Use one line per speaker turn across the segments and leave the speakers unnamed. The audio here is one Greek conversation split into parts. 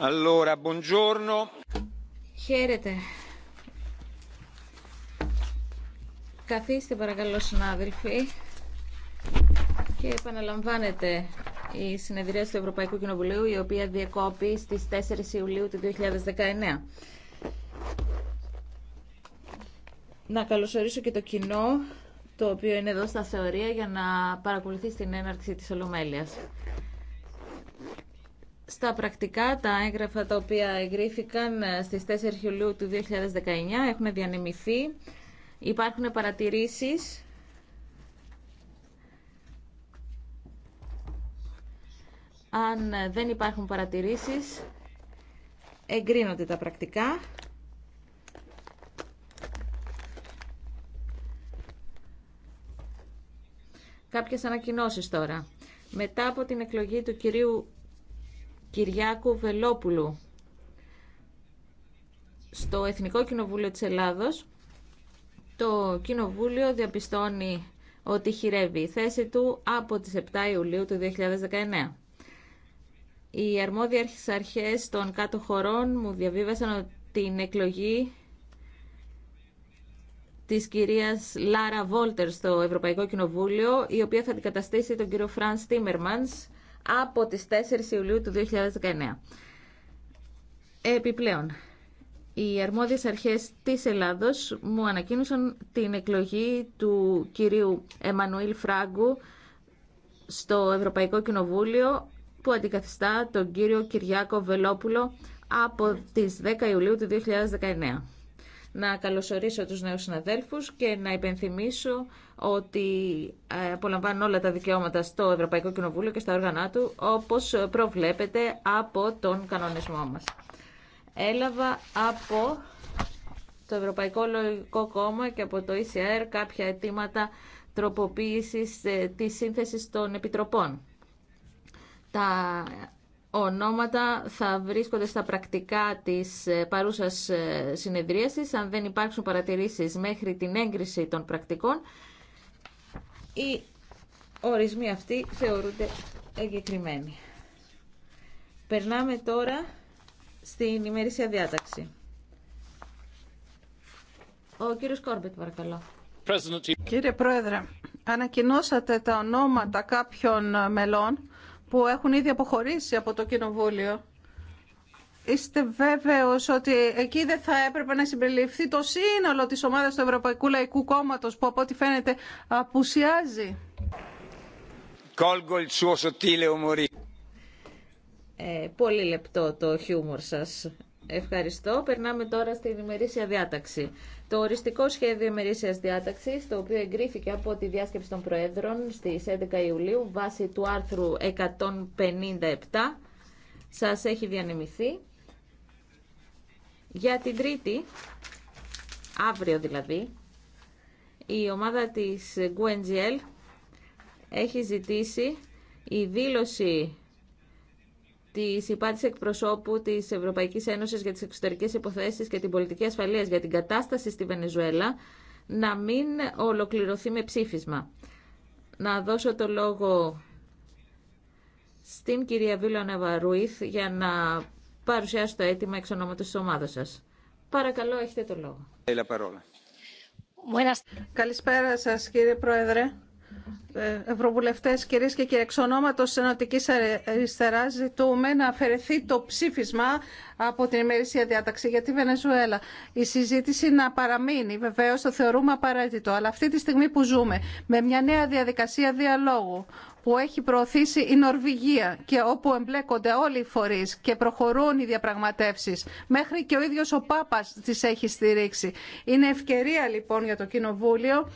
Allora, buongiorno.
Χαίρετε. Καθίστε παρακαλώ συνάδελφοι και επαναλαμβάνετε η συνεδρία του Ευρωπαϊκού Κοινοβουλίου η οποία διεκόπη στις 4 Ιουλίου του 2019. Να καλωσορίσω και το κοινό το οποίο είναι εδώ στα θεωρία για να παρακολουθεί την έναρξη της Ολομέλειας στα πρακτικά τα έγγραφα τα οποία εγκρίθηκαν ε, στις 4 Ιουλίου του 2019 έχουν διανεμηθεί. Υπάρχουν παρατηρήσεις. Αν ε, δεν υπάρχουν παρατηρήσεις, εγκρίνονται τα πρακτικά. Κάποιες ανακοινώσεις τώρα. Μετά από την εκλογή του κυρίου Κυριάκου Βελόπουλου στο Εθνικό Κοινοβούλιο της Ελλάδος. Το Κοινοβούλιο διαπιστώνει ότι χειρεύει η θέση του από τις 7 Ιουλίου του 2019. Οι αρμόδια αρχές των κάτω χωρών μου διαβίβασαν την εκλογή της κυρίας Λάρα Βόλτερ στο Ευρωπαϊκό Κοινοβούλιο, η οποία θα αντικαταστήσει τον κύριο Φρανς Τίμερμανς, από τις 4 Ιουλίου του 2019. Επιπλέον, οι αρμόδιες αρχές της Ελλάδος μου ανακοίνωσαν την εκλογή του κυρίου Εμμανουήλ Φράγκου στο Ευρωπαϊκό Κοινοβούλιο που αντικαθιστά τον κύριο Κυριάκο Βελόπουλο από τις 10 Ιουλίου του 2019 να καλωσορίσω τους νέους συναδέλφους και να υπενθυμίσω ότι ε, απολαμβάνουν όλα τα δικαιώματα στο Ευρωπαϊκό Κοινοβούλιο και στα όργανα του, όπως προβλέπεται από τον κανονισμό μας. Έλαβα από το Ευρωπαϊκό Λογικό Κόμμα και από το ECR κάποια αιτήματα τροποποίησης ε, της σύνθεσης των επιτροπών ονόματα θα βρίσκονται στα πρακτικά της ε, παρούσας ε, συνεδρίασης. Αν δεν υπάρξουν παρατηρήσεις μέχρι την έγκριση των πρακτικών, οι ορισμοί αυτοί θεωρούνται εγκεκριμένοι. Περνάμε τώρα στην ημερήσια διάταξη. Ο κύριος Κόρμπετ, παρακαλώ. Κύριε Πρόεδρε,
ανακοινώσατε τα ονόματα κάποιων μελών που έχουν ήδη αποχωρήσει από το Κοινοβούλιο. Είστε βέβαιος ότι εκεί δεν θα έπρεπε να συμπεριληφθεί το σύνολο της ομάδας του Ευρωπαϊκού Λαϊκού Κόμματος που από ό,τι φαίνεται απουσιάζει.
Ε, πολύ λεπτό το χιούμορ σας. Ευχαριστώ. Περνάμε τώρα στην ημερήσια διάταξη. Το οριστικό σχέδιο ημερήσια διάταξη, το οποίο εγκρίθηκε από τη διάσκεψη των Προέδρων στι 11 Ιουλίου βάσει του άρθρου 157, σα έχει διανεμηθεί. Για την Τρίτη, αύριο δηλαδή, η ομάδα της GUNGL έχει ζητήσει η δήλωση τη υπάρξη εκπροσώπου τη Ευρωπαϊκή Ένωση για τι Εξωτερικέ Υποθέσει και την Πολιτική Ασφαλεία για την κατάσταση στη Βενεζουέλα να μην ολοκληρωθεί με ψήφισμα. Να δώσω το λόγο στην κυρία Βίλα Ναβαρούιθ για να παρουσιάσει το αίτημα εξ ονόματο τη ομάδα σα. Παρακαλώ, έχετε το λόγο. Καλησπέρα σα κύριε Πρόεδρε. Ε, Ευρωβουλευτέ,
κυρίε και κύριοι, εξ ονόματος Ενωτική Αριστερά, ζητούμε να αφαιρεθεί το ψήφισμα από την ημερήσια διάταξη για τη Βενεζουέλα. Η συζήτηση να παραμείνει, βεβαίω το θεωρούμε απαραίτητο, αλλά αυτή τη στιγμή που ζούμε με μια νέα διαδικασία διαλόγου που έχει προωθήσει η Νορβηγία και όπου εμπλέκονται όλοι οι φορεί και προχωρούν οι διαπραγματεύσει. Μέχρι και ο ίδιο ο Πάπα τι έχει στηρίξει. Είναι ευκαιρία λοιπόν για το Κοινοβούλιο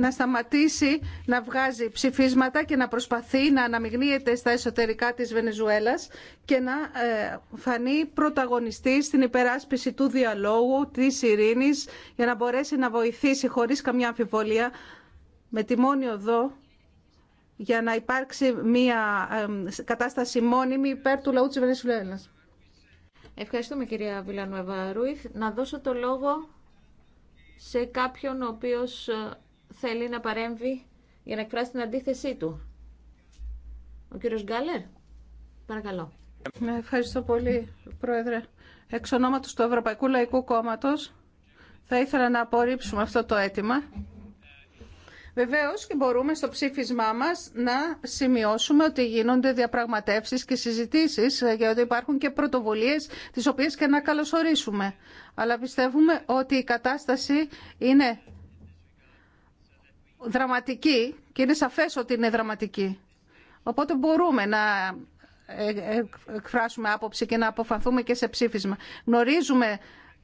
να σταματήσει να βγάζει ψηφίσματα και να προσπαθεί να αναμειγνύεται στα εσωτερικά της Βενεζουέλας και να ε, φανεί πρωταγωνιστή στην υπεράσπιση του διαλόγου, της ειρήνης για να μπορέσει να βοηθήσει χωρίς καμιά αμφιβολία με τη μόνη οδό για να υπάρξει μια κατάσταση μόνιμη υπέρ του λαού της Βενεζουέλας.
Ευχαριστούμε κυρία Βιλανουεβα Ρουιθ. Να δώσω το λόγο σε κάποιον ο οποίος ε, θέλει να παρέμβει για να εκφράσει την αντίθεσή του. Ο κύριος Γκάλερ, παρακαλώ. Ναι, ευχαριστώ πολύ,
Πρόεδρε. Εξ ονόματος του Ευρωπαϊκού Λαϊκού Κόμματος, θα ήθελα να απορρίψουμε αυτό το αίτημα. Βεβαίως και μπορούμε στο ψήφισμά μας να σημειώσουμε ότι γίνονται διαπραγματεύσεις και συζητήσεις ε, για ότι υπάρχουν και πρωτοβουλίες τις οποίες και να καλωσορίσουμε. Αλλά πιστεύουμε ότι η κατάσταση είναι δραματική και είναι σαφές ότι είναι δραματική. Οπότε μπορούμε να ε, ε, εκφράσουμε άποψη και να αποφανθούμε και σε ψήφισμα. Γνωρίζουμε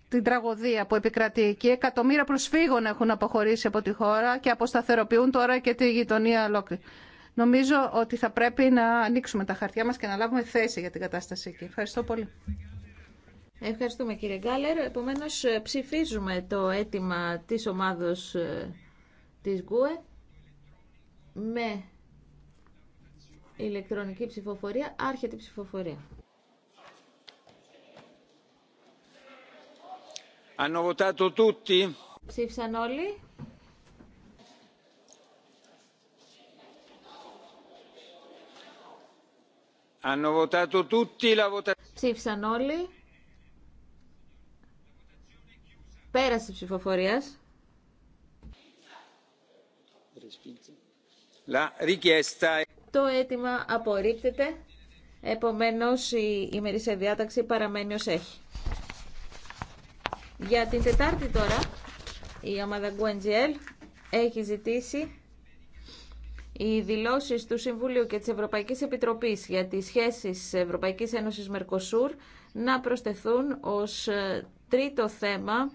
την τραγωδία που επικρατεί εκεί. Εκατομμύρια προσφύγων έχουν αποχωρήσει από τη χώρα και αποσταθεροποιούν τώρα και τη γειτονία ολόκληρη. Νομίζω ότι θα πρέπει να ανοίξουμε τα χαρτιά μας και να λάβουμε θέση για την κατάσταση εκεί. Ευχαριστώ πολύ.
Ευχαριστούμε κύριε Γκάλερ. Επομένως ε, ψηφίζουμε το αίτημα της ομάδος της ΓΟΕ με ηλεκτρονική ψηφοφορία, άρχεται ψηφοφορία.
Hanno votato
Ψήφισαν όλοι.
Hanno votato
Ψήφισαν όλοι. Πέρασε ψηφοφορίας. Το αίτημα απορρίπτεται. Επομένως, η ημερήσια διάταξη παραμένει ω. έχει. Για την Τετάρτη τώρα, η ομάδα Γκουεντζιέλ έχει ζητήσει οι δηλώσεις του Συμβουλίου και της Ευρωπαϊκής Επιτροπής για τις σχέσεις Ευρωπαϊκής Ένωσης Μερκοσούρ να προσθεθούν ως ε, τρίτο θέμα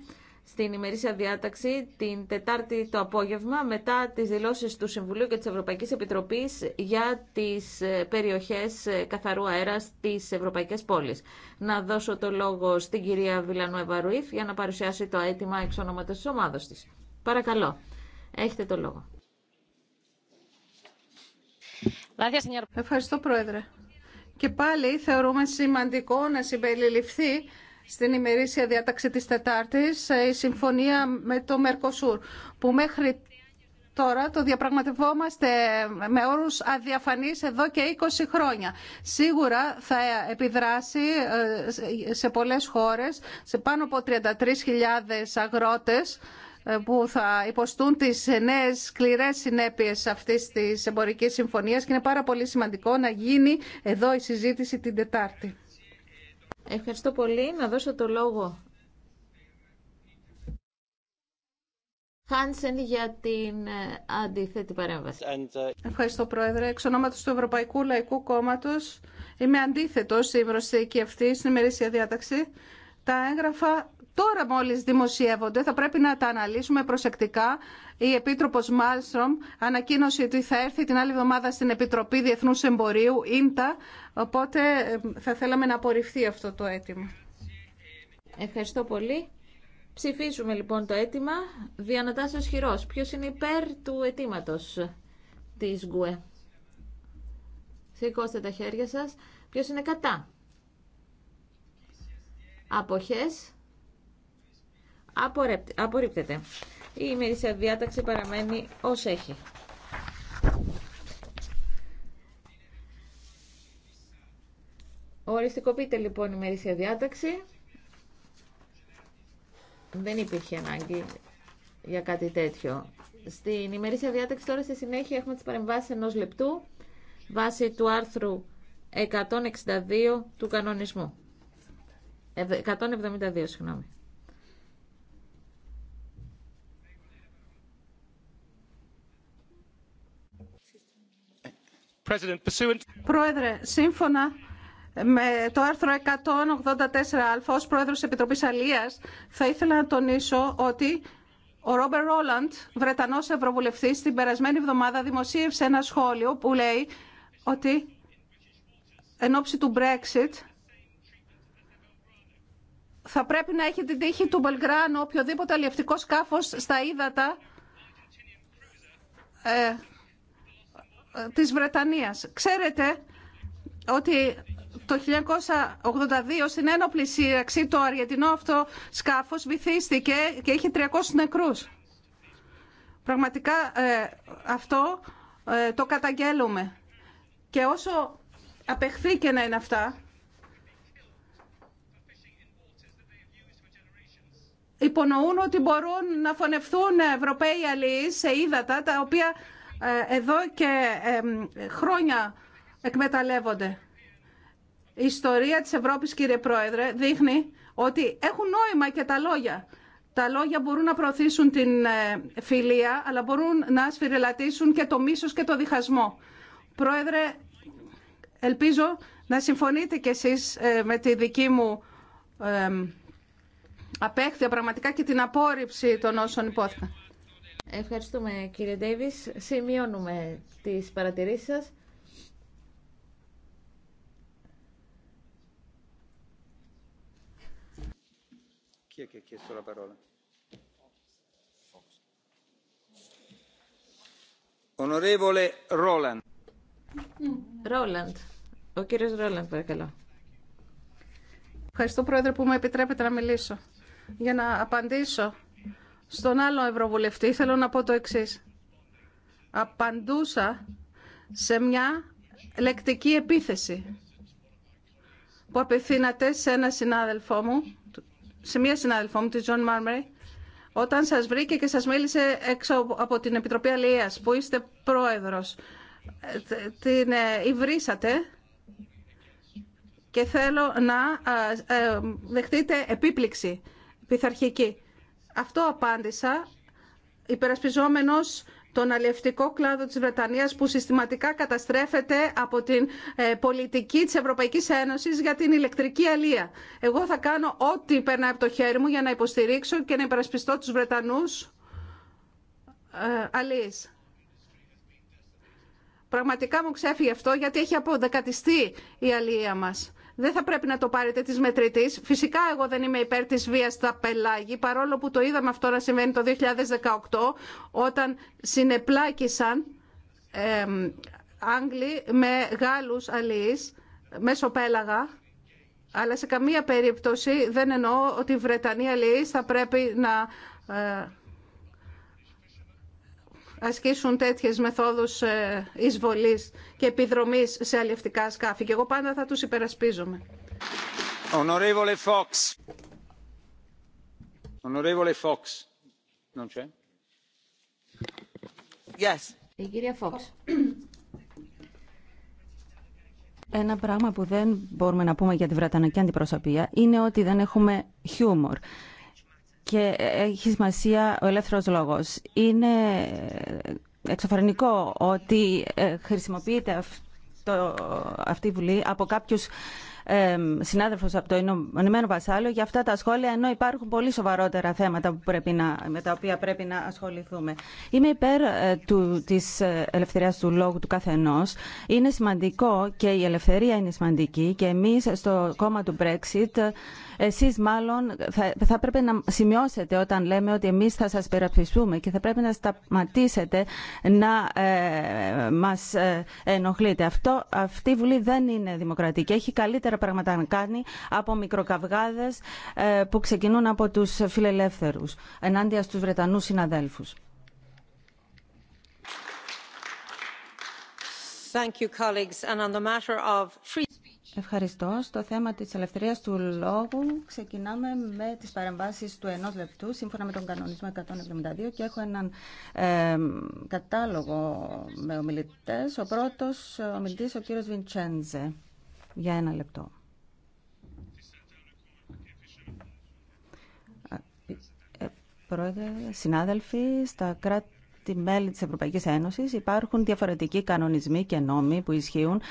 στην ημερήσια διάταξη την Τετάρτη το απόγευμα μετά τις δηλώσεις του Συμβουλίου και της Ευρωπαϊκής Επιτροπής για τις ε, περιοχές ε, καθαρού αέρα στις ευρωπαϊκές πόλεις. Να δώσω το λόγο στην κυρία Βιλανού Ρουίφ για να παρουσιάσει το αίτημα εξ ονόματος της ομάδος της. Παρακαλώ, έχετε το λόγο.
Ευχαριστώ Πρόεδρε. Και πάλι θεωρούμε σημαντικό να συμπεριληφθεί στην ημερήσια διάταξη της Τετάρτης ε, η συμφωνία με το Μερκοσούρ που μέχρι τώρα το διαπραγματευόμαστε με όρους αδιαφανείς εδώ και 20 χρόνια. Σίγουρα θα επιδράσει ε, σε πολλές χώρες, σε πάνω από 33.000 αγρότες ε, που θα υποστούν τις νέες σκληρές συνέπειες αυτής της εμπορικής συμφωνίας και είναι πάρα πολύ σημαντικό να γίνει εδώ η συζήτηση την Τετάρτη.
Ευχαριστώ
πολύ. Να δώσω το λόγο. Χάνσεν για την ε, αντίθετη παρέμβαση.
Ε,
Ευχαριστώ Πρόεδρε. Εξ
ονόματος του Ευρωπαϊκού Λαϊκού Κόμματος είμαι αντίθετος η προσθήκη αυτή στην ημερήσια διάταξη. Τα έγγραφα τώρα μόλις δημοσιεύονται, θα πρέπει να τα αναλύσουμε προσεκτικά. Η Επίτροπος Μάλστρομ ανακοίνωσε ότι θα έρθει την άλλη εβδομάδα στην Επιτροπή Διεθνούς Εμπορίου, ΙΝΤΑ, οπότε ε, θα θέλαμε να απορριφθεί αυτό το
αίτημα. Ευχαριστώ πολύ. Ψηφίζουμε λοιπόν το αίτημα. Διανατάσσεως χειρός. Ποιος είναι υπέρ του αιτήματο της ΓΚΟΕ. Σηκώστε τα χέρια σας. Ποιος είναι κατά. Αποχές. Απορρίπτεται. Η ημερήσια διάταξη παραμένει ως έχει. Οριστικοποιείται λοιπόν η ημερήσια διάταξη. Δεν υπήρχε ανάγκη για κάτι τέτοιο. Στην ημερήσια διάταξη τώρα στη συνέχεια έχουμε τις παρεμβάσεις ενός λεπτού βάσει του άρθρου 162 του κανονισμού. 172, ε, συγγνώμη.
Πρόεδρε, σύμφωνα με το άρθρο 184α ως πρόεδρος της Επιτροπής Αλίας θα ήθελα να τονίσω ότι ο Ρόμπερ Ρόλαντ, Βρετανός Ευρωβουλευτής, την περασμένη εβδομάδα δημοσίευσε ένα σχόλιο που λέει ότι εν ώψη του Brexit θα πρέπει να έχει την τύχη του Μπελγκράνου οποιοδήποτε αλλιευτικό σκάφος στα ύδατα ε, της Βρετανίας. Ξέρετε ότι το 1982 στην ένοπλη σύραξη το αργεντινό αυτό σκάφος βυθίστηκε και είχε 300 νεκρούς. Πραγματικά ε, αυτό ε, το καταγγέλουμε. Και όσο απεχθεί και να είναι αυτά, υπονοούν ότι μπορούν να φωνευθούν Ευρωπαίοι αλληλείς σε ύδατα τα οποία ε, εδώ και χρόνια εκμεταλλεύονται. Η ιστορία της Ευρώπης, κύριε Πρόεδρε, δείχνει ότι έχουν νόημα και τα λόγια. Τα λόγια μπορούν να προωθήσουν την ε, φιλία, αλλά μπορούν να σφυριλατήσουν και το μίσος και το διχασμό. Πρόεδρε, ελπίζω να συμφωνείτε κι εσείς ε, με τη δική μου
απέχθεια πραγματικά και την απόρριψη των όσων υπόθηκαν. Ευχαριστούμε κύριε Ντέιβις. Σημειώνουμε τις παρατηρήσεις σας. Ρόλαντ. Ρόλαντ. Ο κύριος Ρόλαντ, παρακαλώ.
Ευχαριστώ, Πρόεδρε, που με επιτρέπετε να μιλήσω. Για να απαντήσω στον άλλο Ευρωβουλευτή θέλω να πω το εξή. Απαντούσα σε μια λεκτική επίθεση που απευθύνατε σε ένα συνάδελφό μου, σε μια συνάδελφό μου, τη Τζον Μάρμερη, όταν σας βρήκε και σας μίλησε έξω από την Επιτροπή Αλληλείας, που είστε πρόεδρος. Ε, την ε, υβρίσατε και θέλω να ε, δεχτείτε επίπληξη πειθαρχική. Αυτό απάντησα υπερασπιζόμενος τον αλλιευτικό κλάδο της Βρετανίας που συστηματικά καταστρέφεται από την ε, πολιτική της Ευρωπαϊκής Ένωσης για την ηλεκτρική αλία. Εγώ θα κάνω ό,τι περνάει από το χέρι μου για να υποστηρίξω και να υπερασπιστώ τους Βρετανούς ε, Πραγματικά μου ξέφυγε αυτό γιατί έχει αποδεκατιστεί η αλία μας δεν θα πρέπει να το πάρετε τη μετρητή. Φυσικά εγώ δεν είμαι υπέρ τη βία στα πελάγη, παρόλο που το είδαμε αυτό να συμβαίνει το 2018, όταν συνεπλάκησαν ε, Άγγλοι με Γάλλους αλληλεί μέσω πέλαγα. Αλλά σε καμία περίπτωση δεν εννοώ ότι η Βρετανία αλληλείς θα πρέπει να ε, ασκήσουν τέτοιες μεθόδους ε, εισβολής και επιδρομής σε αλληλευτικά σκάφη. Και εγώ πάντα θα τους υπερασπίζομαι.
Fox.
Yes. Η κυρία
Ένα πράγμα που δεν μπορούμε να πούμε για τη Βρετανική αντιπροσωπεία είναι ότι δεν έχουμε χιούμορ και έχει σημασία ο ελεύθερος λόγος. Είναι εξωφρενικό ότι ε, χρησιμοποιείται αυτό, αυτή η Βουλή από κάποιους ε, από το Ηνωμένο Βασάλειο για αυτά τα σχόλια, ενώ υπάρχουν πολύ σοβαρότερα θέματα πρέπει να, με τα οποία πρέπει να ασχοληθούμε. Είμαι υπέρ ε, του, της ε, ελευθερίας του λόγου του καθενός. Είναι σημαντικό και η ελευθερία είναι σημαντική και εμείς στο κόμμα του Brexit εσείς μάλλον θα, πρέπει να σημειώσετε όταν λέμε ότι εμείς θα σας περαψηφίσουμε και θα πρέπει να σταματήσετε να ε, μας ε, ενοχλείτε. Αυτό, αυτή η Βουλή δεν είναι δημοκρατική. Έχει καλύτερα πράγματα να κάνει από μικροκαυγάδες ε, που ξεκινούν από τους φιλελεύθερους ενάντια στους Βρετανούς συναδέλφους. Thank you, colleagues. And on the matter Ευχαριστώ. Στο θέμα της ελευθερίας του λόγου ξεκινάμε με τις παρεμβάσεις του ενός λεπτού σύμφωνα με τον κανονισμό 172 και έχω έναν κατάλογο με ομιλητές. Ο πρώτος ομιλητής ο κύριος Βιντσέντζε για ένα λεπτό. Ε, πρόεδρε, συνάδελφοι, στα κράτη τη μελη της Ευρωπαϊκής Ένωσης υπάρχουν διαφορετικοί κανονισμοί και νόμοι που ισχύουν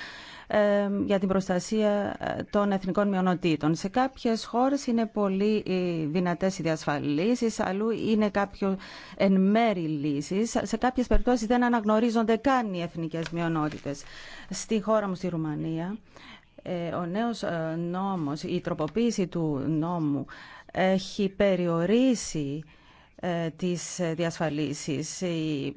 ε, για την προστασία ε, των εθνικών μειονοτήτων. Σε κάποιες χώρες είναι πολύ ε, δυνατές οι διασφαλίσεις, αλλού είναι κάποιο εν μέρη λύσεις. Σε κάποιες περιπτώσεις δεν αναγνωρίζονται καν οι εθνικές μειονότητες. Στη χώρα μου, στη Ρουμανία, ο νέος νόμος, η τροποποίηση του νόμου έχει περιορίσει ε, τις ε, διασφαλίσεις. Οι,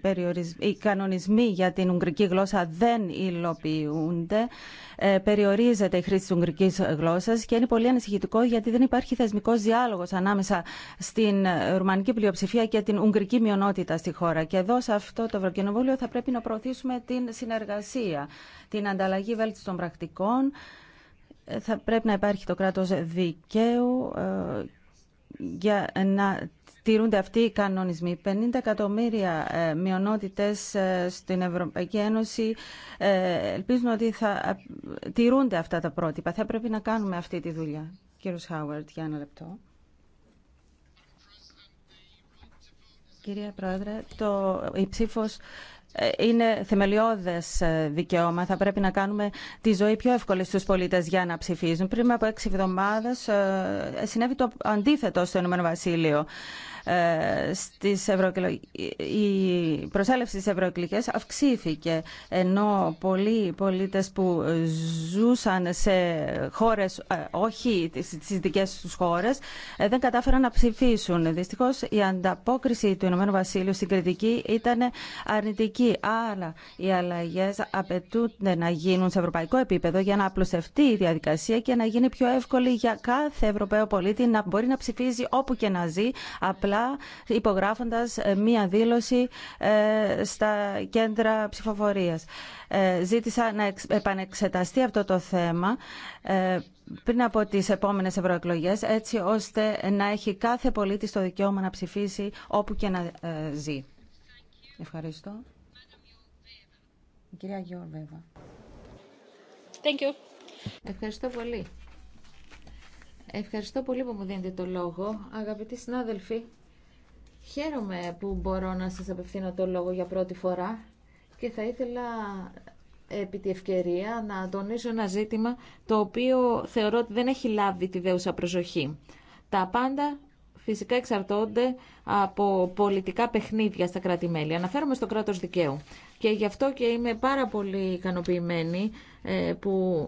οι κανονισμοί για την ουγγρική γλώσσα δεν υλοποιούνται. Ε, περιορίζεται η χρήση της ουγγρικής γλώσσας και είναι πολύ ανησυχητικό γιατί δεν υπάρχει θεσμικός διάλογος ανάμεσα στην ρουμανική πλειοψηφία και την ουγγρική μειονότητα στη χώρα. Και εδώ σε αυτό το Ευρωκοινοβούλιο θα πρέπει να προωθήσουμε την συνεργασία, την ανταλλαγή βέλτιστων πρακτικών. Θα πρέπει να υπάρχει το κράτος δικαίου για να τηρούνται αυτοί οι κανονισμοί. 50 εκατομμύρια ε, μειονότητες ε, στην Ευρωπαϊκή Ένωση ε, ελπίζουν ότι θα τηρούνται αυτά τα πρότυπα. Θα πρέπει να κάνουμε αυτή τη δουλειά. Κύριος Χάουαρτ, για ένα λεπτό. Κυρία Πρόεδρε, το, η ψήφος είναι θεμελιώδες δικαίωμα. Θα πρέπει να κάνουμε τη ζωή πιο εύκολη στους πολίτες για να ψηφίζουν. Πριν από έξι εβδομάδες συνέβη το αντίθετο στο Ηνωμένο ε, στις η προσέλευση στις ευρωεκλογές αυξήθηκε ενώ πολλοί πολίτες που ζούσαν σε χώρες ε, όχι στις δικές τους χώρες ε, δεν κατάφεραν να ψηφίσουν. Δυστυχώς η ανταπόκριση του Ηνωμένου Βασίλειου στην κριτική ήταν αρνητική. Άρα οι αλλαγές απαιτούνται να γίνουν σε ευρωπαϊκό επίπεδο για να απλουστευτεί η διαδικασία και να γίνει πιο εύκολη για κάθε Ευρωπαίο πολίτη να μπορεί να ψηφίζει όπου και να ζει απλά υπογράφοντας ε, μία δήλωση ε, στα κέντρα ψηφοφορίας. Ε, ζήτησα να επανεξεταστεί αυτό το θέμα πριν από τις επόμενες ευρωεκλογέ, έτσι ώστε να έχει κάθε πολίτη το δικαίωμα να ψηφίσει όπου και να ζει. Ευχαριστώ. κυρία Thank you. Ευχαριστώ πολύ.
Ευχαριστώ πολύ που μου δίνετε το λόγο, αγαπητοί συνάδελφοι. Χαίρομαι που μπορώ να σας απευθύνω το λόγο για πρώτη φορά και θα ήθελα επί τη ευκαιρία να τονίσω ένα ζήτημα το οποίο θεωρώ ότι δεν έχει λάβει τη δέουσα προσοχή. Τα πάντα φυσικά εξαρτώνται από πολιτικά παιχνίδια στα κράτη-μέλη. Αναφέρομαι στο κράτος δικαίου. Και γι' αυτό και είμαι πάρα πολύ ικανοποιημένη ε, που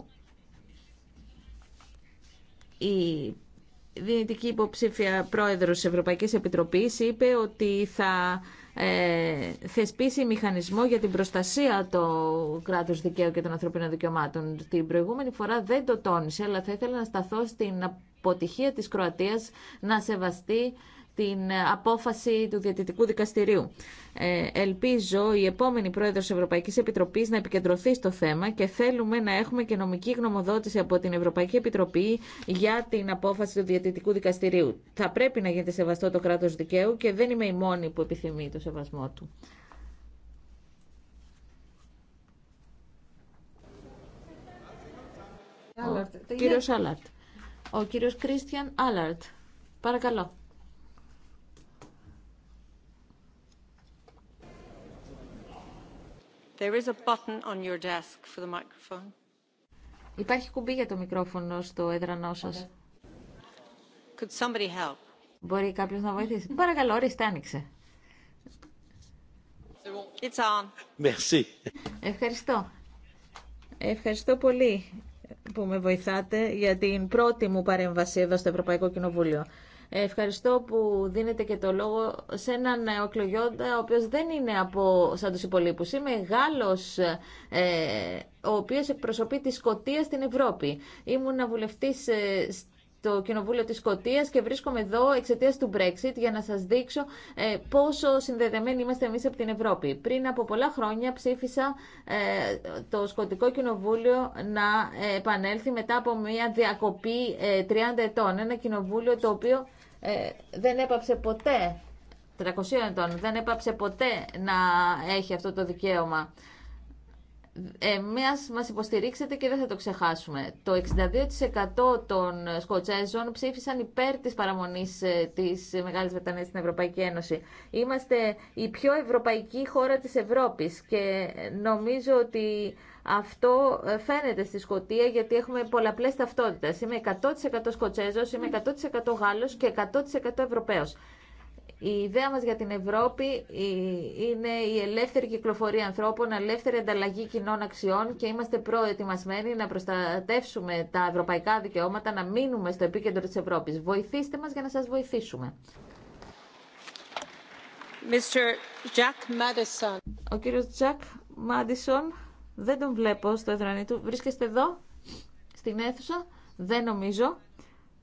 δυνητική υποψήφια πρόεδρος της Ευρωπαϊκής Επιτροπής είπε ότι θα ε, θεσπίσει μηχανισμό για την προστασία του κράτους δικαίου και των ανθρωπίνων δικαιωμάτων. Την προηγούμενη φορά δεν το τόνισε, αλλά θα ήθελα να σταθώ στην αποτυχία της Κροατίας να σεβαστεί την απόφαση του Διατητικού Δικαστηρίου. Ε, ελπίζω η επόμενη Πρόεδρος Ευρωπαϊκής Επιτροπής να επικεντρωθεί στο θέμα και θέλουμε να έχουμε και νομική γνωμοδότηση από την Ευρωπαϊκή Επιτροπή για την απόφαση του Διατητικού Δικαστηρίου. Θα πρέπει να γίνεται σεβαστό το κράτος δικαίου και δεν είμαι η μόνη που επιθυμεί το σεβασμό του. Ο κύριος Ο κύριος Κρίστιαν Παρακαλώ. Υπάρχει κουμπί για το μικρόφωνο στο έδρανό σας. Μπορεί κάποιος να βοηθήσει. Παρακαλώ, ορίστε, άνοιξε. It's on. Merci. Ευχαριστώ. Ευχαριστώ πολύ που με βοηθάτε για την πρώτη μου παρέμβαση εδώ στο Ευρωπαϊκό Κοινοβούλιο. Ευχαριστώ που δίνετε και το λόγο σε έναν νεοκλογιόντα, ο οποίος δεν είναι από, σαν τους υπολείπους. Είμαι Γάλλος, ε, ο οποίος εκπροσωπεί τη Σκοτία στην Ευρώπη. Ήμουν βουλευτής ε, στο Κοινοβούλιο της Σκωτίας και βρίσκομαι εδώ εξαιτία του Brexit για να σας δείξω ε, πόσο συνδεδεμένοι είμαστε εμείς από την Ευρώπη. Πριν από πολλά χρόνια ψήφισα ε, το Σκοτικό Κοινοβούλιο να ε, επανέλθει μετά από μια διακοπή 30 ετών. Ένα κοινοβούλιο το οποίο ε, δεν έπαψε ποτέ, 300 ετών, δεν έπαψε ποτέ να έχει αυτό το δικαίωμα ε, μας υποστηρίξετε και δεν θα το ξεχάσουμε. Το 62% των Σκοτσέζων ψήφισαν υπέρ της παραμονής ε, της Μεγάλης Βρετανίας στην Ευρωπαϊκή Ένωση. Είμαστε η πιο ευρωπαϊκή χώρα της Ευρώπης και νομίζω ότι αυτό ε, φαίνεται στη Σκοτία γιατί έχουμε πολλαπλές ταυτότητες. Είμαι 100% Σκοτσέζος, είμαι 100% Γάλλος και 100% Ευρωπαίος. Η ιδέα μας για την Ευρώπη είναι η ελεύθερη κυκλοφορία ανθρώπων, ελεύθερη ανταλλαγή κοινών αξιών και είμαστε προετοιμασμένοι να προστατεύσουμε τα ευρωπαϊκά δικαιώματα, να μείνουμε στο επίκεντρο της Ευρώπης. Βοηθήστε μας για να σας βοηθήσουμε. Mr. Jack Madison. Ο κύριος Τζακ Μάντισον, δεν τον βλέπω στο εδρανή του. Βρίσκεστε εδώ, στην αίθουσα, δεν νομίζω.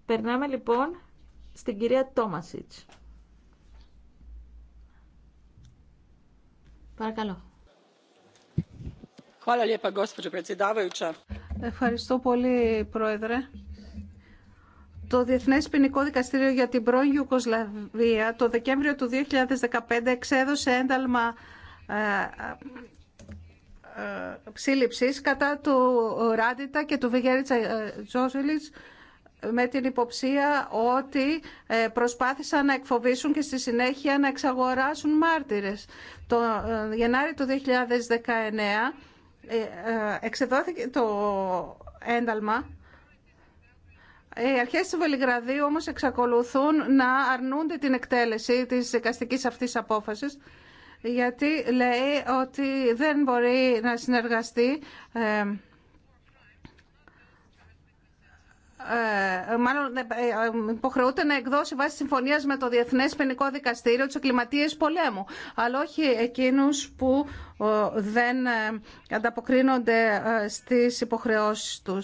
Περνάμε λοιπόν στην κυρία Τόμασιτς.
Ευχαριστώ πολύ, Πρόεδρε. Το Διεθνές Ποινικό Δικαστήριο για την πρώην Ιουκοσλαβία το Δεκέμβριο του 2015 εξέδωσε ένταλμα ψήληψης ε, ε, ε, κατά του Ράντιτα και του Βιγέριτσα Ε, με την υποψία ότι ε, προσπάθησαν να εκφοβήσουν και στη συνέχεια να εξαγοράσουν μάρτυρες. Το ε, Γενάρη του 2019 ε, εξεδόθηκε το ένταλμα. Οι αρχές του Βελιγραδίου όμως εξακολουθούν να αρνούνται την εκτέλεση της δικαστική αυτής απόφασης γιατί λέει ότι δεν μπορεί να συνεργαστεί Ε, μάλλον ε, ε, υποχρεούται να εκδώσει βάσει συμφωνία με το Διεθνέ Ποινικό Δικαστήριο του εκκληματίε πολέμου, αλλά όχι εκείνου που δεν ανταποκρίνονται στι υποχρεώσει του.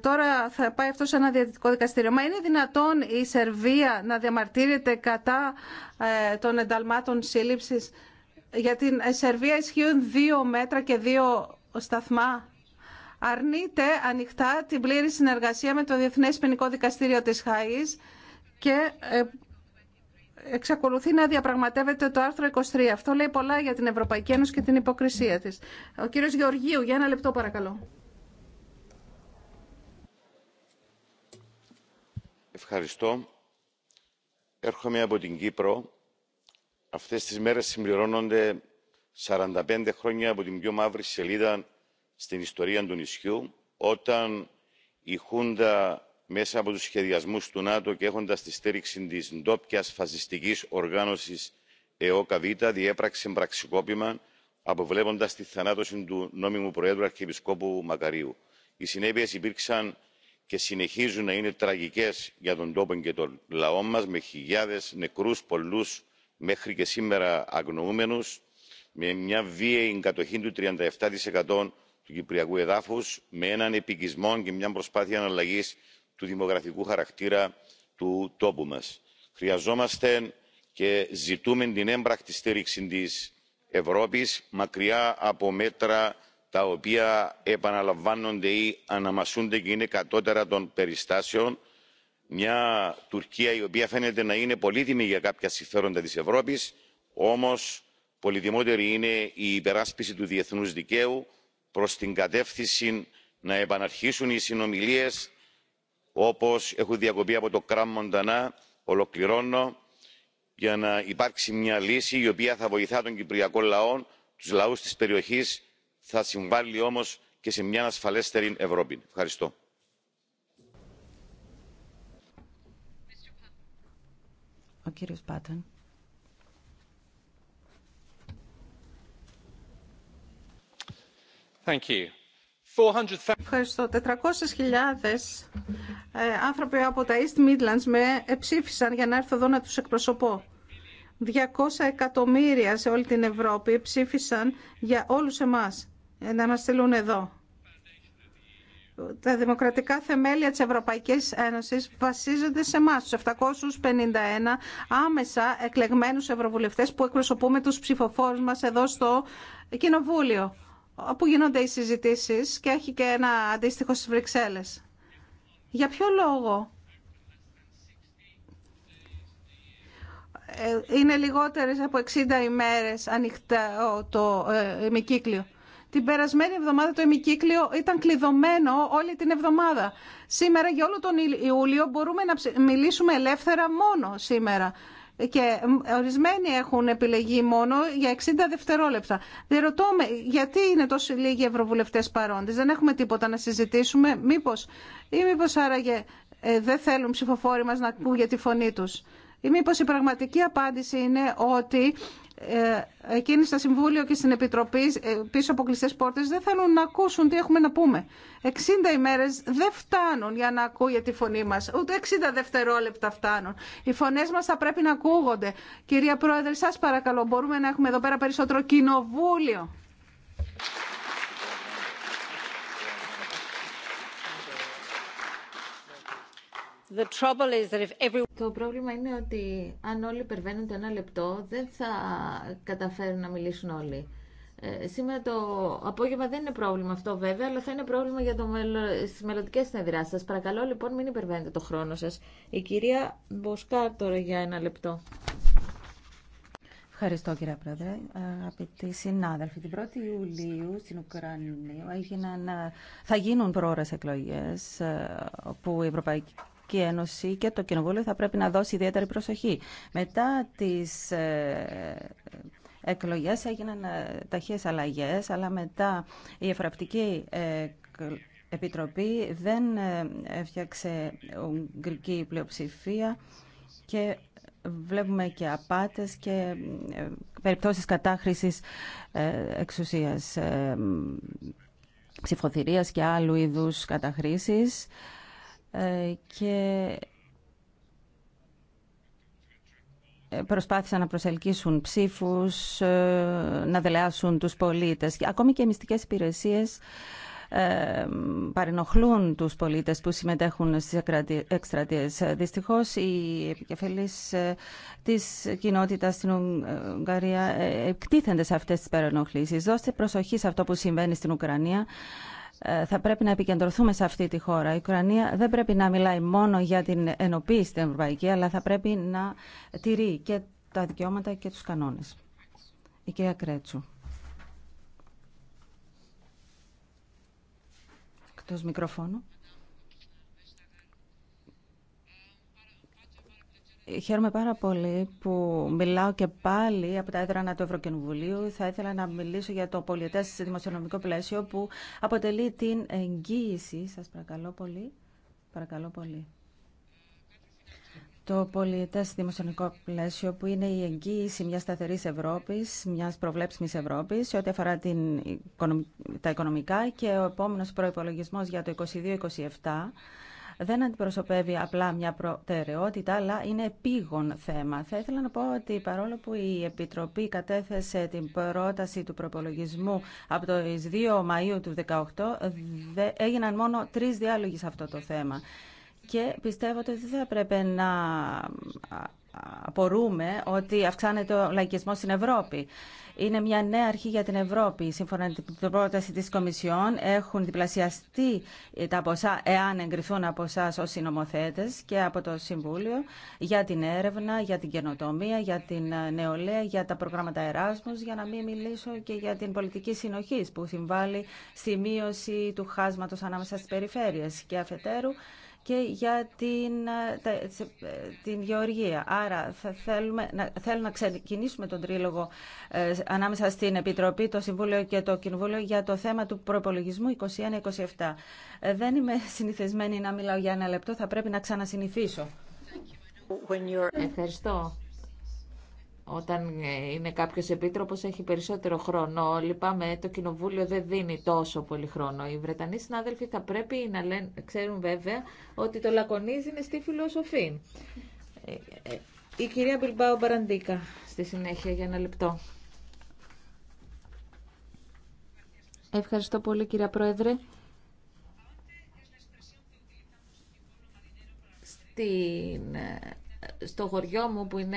Τώρα θα πάει αυτό σε ένα διαιτητικό δικαστήριο. Μα είναι δυνατόν η Σερβία να διαμαρτύρεται κατά των ενταλμάτων σύλληψη. Για την Σερβία ισχύουν δύο μέτρα και δύο σταθμά αρνείται ανοιχτά την πλήρη συνεργασία με το Διεθνές Ποινικό Δικαστήριο της Χαΐς και ε, εξακολουθεί να διαπραγματεύεται το άρθρο 23. Αυτό λέει πολλά για την Ευρωπαϊκή Ένωση και την υποκρισία της. Ο κύριος Γεωργίου, για ένα λεπτό παρακαλώ.
Ευχαριστώ. Έρχομαι από την Κύπρο. Αυτές τις μέρες συμπληρώνονται 45 χρόνια από την πιο μαύρη σελίδα στην ιστορία του νησιού όταν η χούντα μέσα από τους σχεδιασμούς του νάτο και έχοντας τη στήριξη της ντόπια φασιστικής οργάνωσης εόκα διέπραξε πραξικόπημα αποβλέποντας τη θανάτωση του νόμιμου προέδρου αρχιεπισκόπου μακαρίου. οι συνέπειες υπήρξαν και συνεχίζουν να είναι τραγικές για τον τόπο και τον λαό μας με χιλιάδες νεκρούς πολλούς μέχρι και σήμερα αγνοούμενους με μια βίαιη κατοχή του 37% του κυπριακού εδάφου με έναν επικισμό και μια προσπάθεια αναλλαγή του δημογραφικού χαρακτήρα του τόπου μα. χρειαζόμαστε και ζητούμε την έμπρακτη στήριξη τη ευρώπη μακριά από μέτρα τα οποία επαναλαμβάνονται ή αναμασούνται και είναι κατώτερα των περιστάσεων μια τουρκία η οποία φαίνεται να είναι πολύτιμη για κάποια συμφέροντα της ευρώπης όμως πολυτιμότερη είναι η υπεράσπιση του διεθνούς δικαίου προς την κατεύθυνση να επαναρχίσουν οι συνομιλίες όπως έχουν διακοπεί από το Κράμ Μοντανά, ολοκληρώνω, για να υπάρξει μια λύση η οποία θα βοηθά τον κυπριακό λαό, τους λαούς της περιοχής, θα συμβάλει όμως και σε μια ασφαλέστερη Ευρώπη. Ευχαριστώ.
Ευχαριστώ. 400.000 ε, άνθρωποι από τα East Midlands με ε, ψήφισαν για να έρθω εδώ να τους εκπροσωπώ. 200 εκατομμύρια σε όλη την Ευρώπη ψήφισαν για όλους εμάς ε, να μας στείλουν εδώ. Τα δημοκρατικά θεμέλια της Ευρωπαϊκής Ένωσης βασίζονται σε εμά, τους 751 άμεσα εκλεγμένους ευρωβουλευτές που εκπροσωπούμε τους ψηφοφόρους μας εδώ στο Κοινοβούλιο όπου γίνονται οι συζητήσεις και έχει και ένα αντίστοιχο στις Βρυξέλλες. Για ποιο λόγο ε, είναι λιγότερες από 60 ημέρες ανοιχτά το ε, ημικύκλιο. Την περασμένη εβδομάδα το ημικύκλιο ήταν κλειδωμένο όλη την εβδομάδα. Σήμερα για όλο τον Ιούλιο μπορούμε να μιλήσουμε ελεύθερα μόνο σήμερα και ορισμένοι έχουν επιλεγεί μόνο για 60 δευτερόλεπτα. Διερωτώ με, γιατί είναι τόσο λίγοι ευρωβουλευτές παρόντες, δεν έχουμε τίποτα να συζητήσουμε, μήπως ή μήπως άραγε ε, δεν θέλουν ψηφοφόροι μας να ακούγεται τη φωνή τους. Ή μήπως η πραγματική απάντηση είναι ότι ε, εκείνοι στα Συμβούλιο και στην Επιτροπή ε, πίσω από κλειστέ πόρτες δεν θέλουν να ακούσουν τι έχουμε να πούμε. 60 ημέρες δεν φτάνουν για να ακούγεται τη φωνή μας. Ούτε 60 δευτερόλεπτα φτάνουν. Οι φωνές μας θα πρέπει να ακούγονται. Κυρία Πρόεδρε, σας παρακαλώ, μπορούμε να έχουμε εδώ πέρα περισσότερο κοινοβούλιο.
Το πρόβλημα είναι ότι αν όλοι υπερβαίνουν το ένα λεπτό, δεν θα καταφέρουν να μιλήσουν όλοι. Ε, σήμερα το απόγευμα δεν είναι πρόβλημα αυτό βέβαια, αλλά θα είναι πρόβλημα για το μελο... στις μελλοντικές συνεδριάσεις σας. Παρακαλώ λοιπόν μην υπερβαίνετε το χρόνο σας. Η κυρία Μποσκάρ τώρα για ένα λεπτό.
Ευχαριστώ κύριε Πρόεδρε. Αγαπητοί συνάδελφοι, την 1η Ιουλίου στην Ουκρανία θα γίνουν πρόορες εκλογές ε, που η Ευρωπαϊκή Ευρωπαϊκή Ένωση και το Κοινοβούλιο θα πρέπει να δώσει ιδιαίτερη προσοχή. Μετά τις ε, εκλογές έγιναν ε, ταχείες αλλαγές, αλλά μετά η εφραπτική ε, επιτροπή δεν έφτιαξε ουγγρική πλειοψηφία και βλέπουμε και απάτες και περιπτώσεις κατάχρησης εξουσίας ψηφοθυρίας και άλλου είδους καταχρήσεις. Ε, και ε, προσπάθησαν να προσελκύσουν ψήφους, ε, να δελεάσουν τους πολίτες. Ακόμη και οι μυστικές υπηρεσίες παρενοχλούν τους πολίτες που συμμετέχουν στις εκστρατείες. Δυστυχώς, οι επικεφαλής της κοινότητας στην Ουγγαρία εκτίθενται σε αυτές τις παρενοχλήσεις. Δώστε προσοχή σε αυτό που συμβαίνει στην Ουκρανία ε, θα πρέπει να επικεντρωθούμε σε αυτή τη χώρα. Η Ουκρανία δεν πρέπει να μιλάει μόνο για την ενοποίηση στην Ευρωπαϊκή, αλλά θα πρέπει να τηρεί και τα δικαιώματα και τους κανόνες. Η κυρία Κρέτσου. Εκτός μικροφώνου. Χαίρομαι πάρα πολύ που μιλάω και πάλι από τα έδρανα του Ευρωκοινοβουλίου. Θα ήθελα να μιλήσω για το πολιτέ δημοσιονομικό πλαίσιο που αποτελεί την εγγύηση. Σας παρακαλώ πολύ. Το πολιτέ δημοσιονομικό πλαίσιο που είναι η εγγύηση μια σταθερή Ευρώπη, μια προβλέψιμη Ευρώπη σε ό,τι αφορά την, τα οικονομικά και ο επόμενο προπολογισμό για το 2022-2027 δεν αντιπροσωπεύει απλά μια προτεραιότητα, αλλά είναι επίγον θέμα. Θα ήθελα να πω ότι παρόλο που η Επιτροπή κατέθεσε την πρόταση του προπολογισμού από το 2 Μαΐου του 2018, έγιναν μόνο τρεις διάλογοι σε αυτό το θέμα. Και πιστεύω ότι δεν θα έπρεπε να απορούμε ότι αυξάνεται ο λαϊκισμός στην Ευρώπη. Είναι μια νέα αρχή για την Ευρώπη. Σύμφωνα με την πρόταση της Κομισιόν έχουν διπλασιαστεί τα ποσά, εάν εγκριθούν από εσά ως συνομοθέτες και από το Συμβούλιο, για την έρευνα, για την καινοτομία, για την νεολαία, για τα προγράμματα Εράσμους, για να μην μιλήσω και για την πολιτική συνοχή που συμβάλλει στη μείωση του χάσματος ανάμεσα στις περιφέρειες και αφετέρου και για την, ε, την γεωργία. Άρα θα θέλουμε, να, θέλω να ξεκινήσουμε τον τρίλογο ε, ανάμεσα στην Επιτροπή, το Συμβούλιο και το Κοινοβούλιο για το θέμα του προπολογισμού 21-27. Ε, δεν είμαι συνηθισμένη να μιλάω για ένα λεπτό, θα πρέπει να ξανασυνηθίσω. Ευχαριστώ. Όταν ε, είναι κάποιος
επίτροπος έχει περισσότερο χρόνο. Λυπάμαι, ε, το κοινοβούλιο δεν δίνει τόσο πολύ χρόνο. Οι Βρετανοί συνάδελφοι θα πρέπει να λένε, ξέρουν βέβαια ότι το λακωνίζει είναι στη φιλοσοφία. Ε, η κυρία Μπιλμπάου Μπαραντίκα στη συνέχεια για ένα λεπτό. Ευχαριστώ πολύ κυρία Πρόεδρε. Στην στο χωριό μου που είναι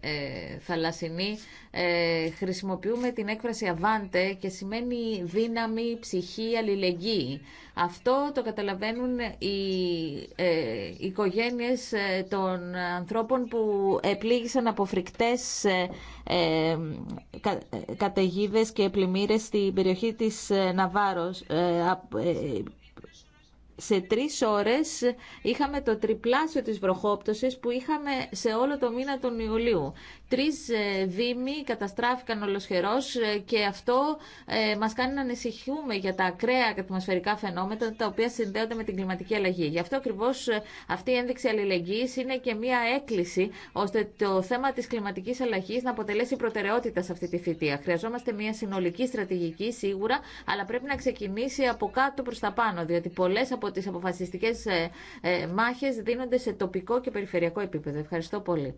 ε, θαλασσινή ε, χρησιμοποιούμε την έκφραση «αβάντε» και σημαίνει δύναμη, ψυχή, αλληλεγγύη. Αυτό το καταλαβαίνουν οι ε, οικογένειες ε, των ανθρώπων που επλήγησαν από φρικτές κα, και πλημμύρες στην περιοχή της Ναβάρος σε τρεις ώρες είχαμε το τριπλάσιο της βροχόπτωσης που είχαμε σε όλο το μήνα του Ιουλίου. Τρεις ε, δήμοι καταστράφηκαν ολοσχερός ε, και αυτό ε, μας κάνει να ανησυχούμε για τα ακραία ατμοσφαιρικά φαινόμενα τα οποία συνδέονται με την κλιματική αλλαγή. Γι' αυτό ακριβώς αυτή η ένδειξη αλληλεγγύης είναι και μία έκκληση ώστε το θέμα της κλιματικής αλλαγής να αποτελέσει προτεραιότητα σε αυτή τη θητεία. Χρειαζόμαστε μία συνολική στρατηγική σίγουρα, αλλά πρέπει να ξεκινήσει από κάτω προς τα πάνω, διότι πολλές από τις αποφασιστικές μάχες δίνονται σε τοπικό και περιφερειακό επίπεδο. Ευχαριστώ πολύ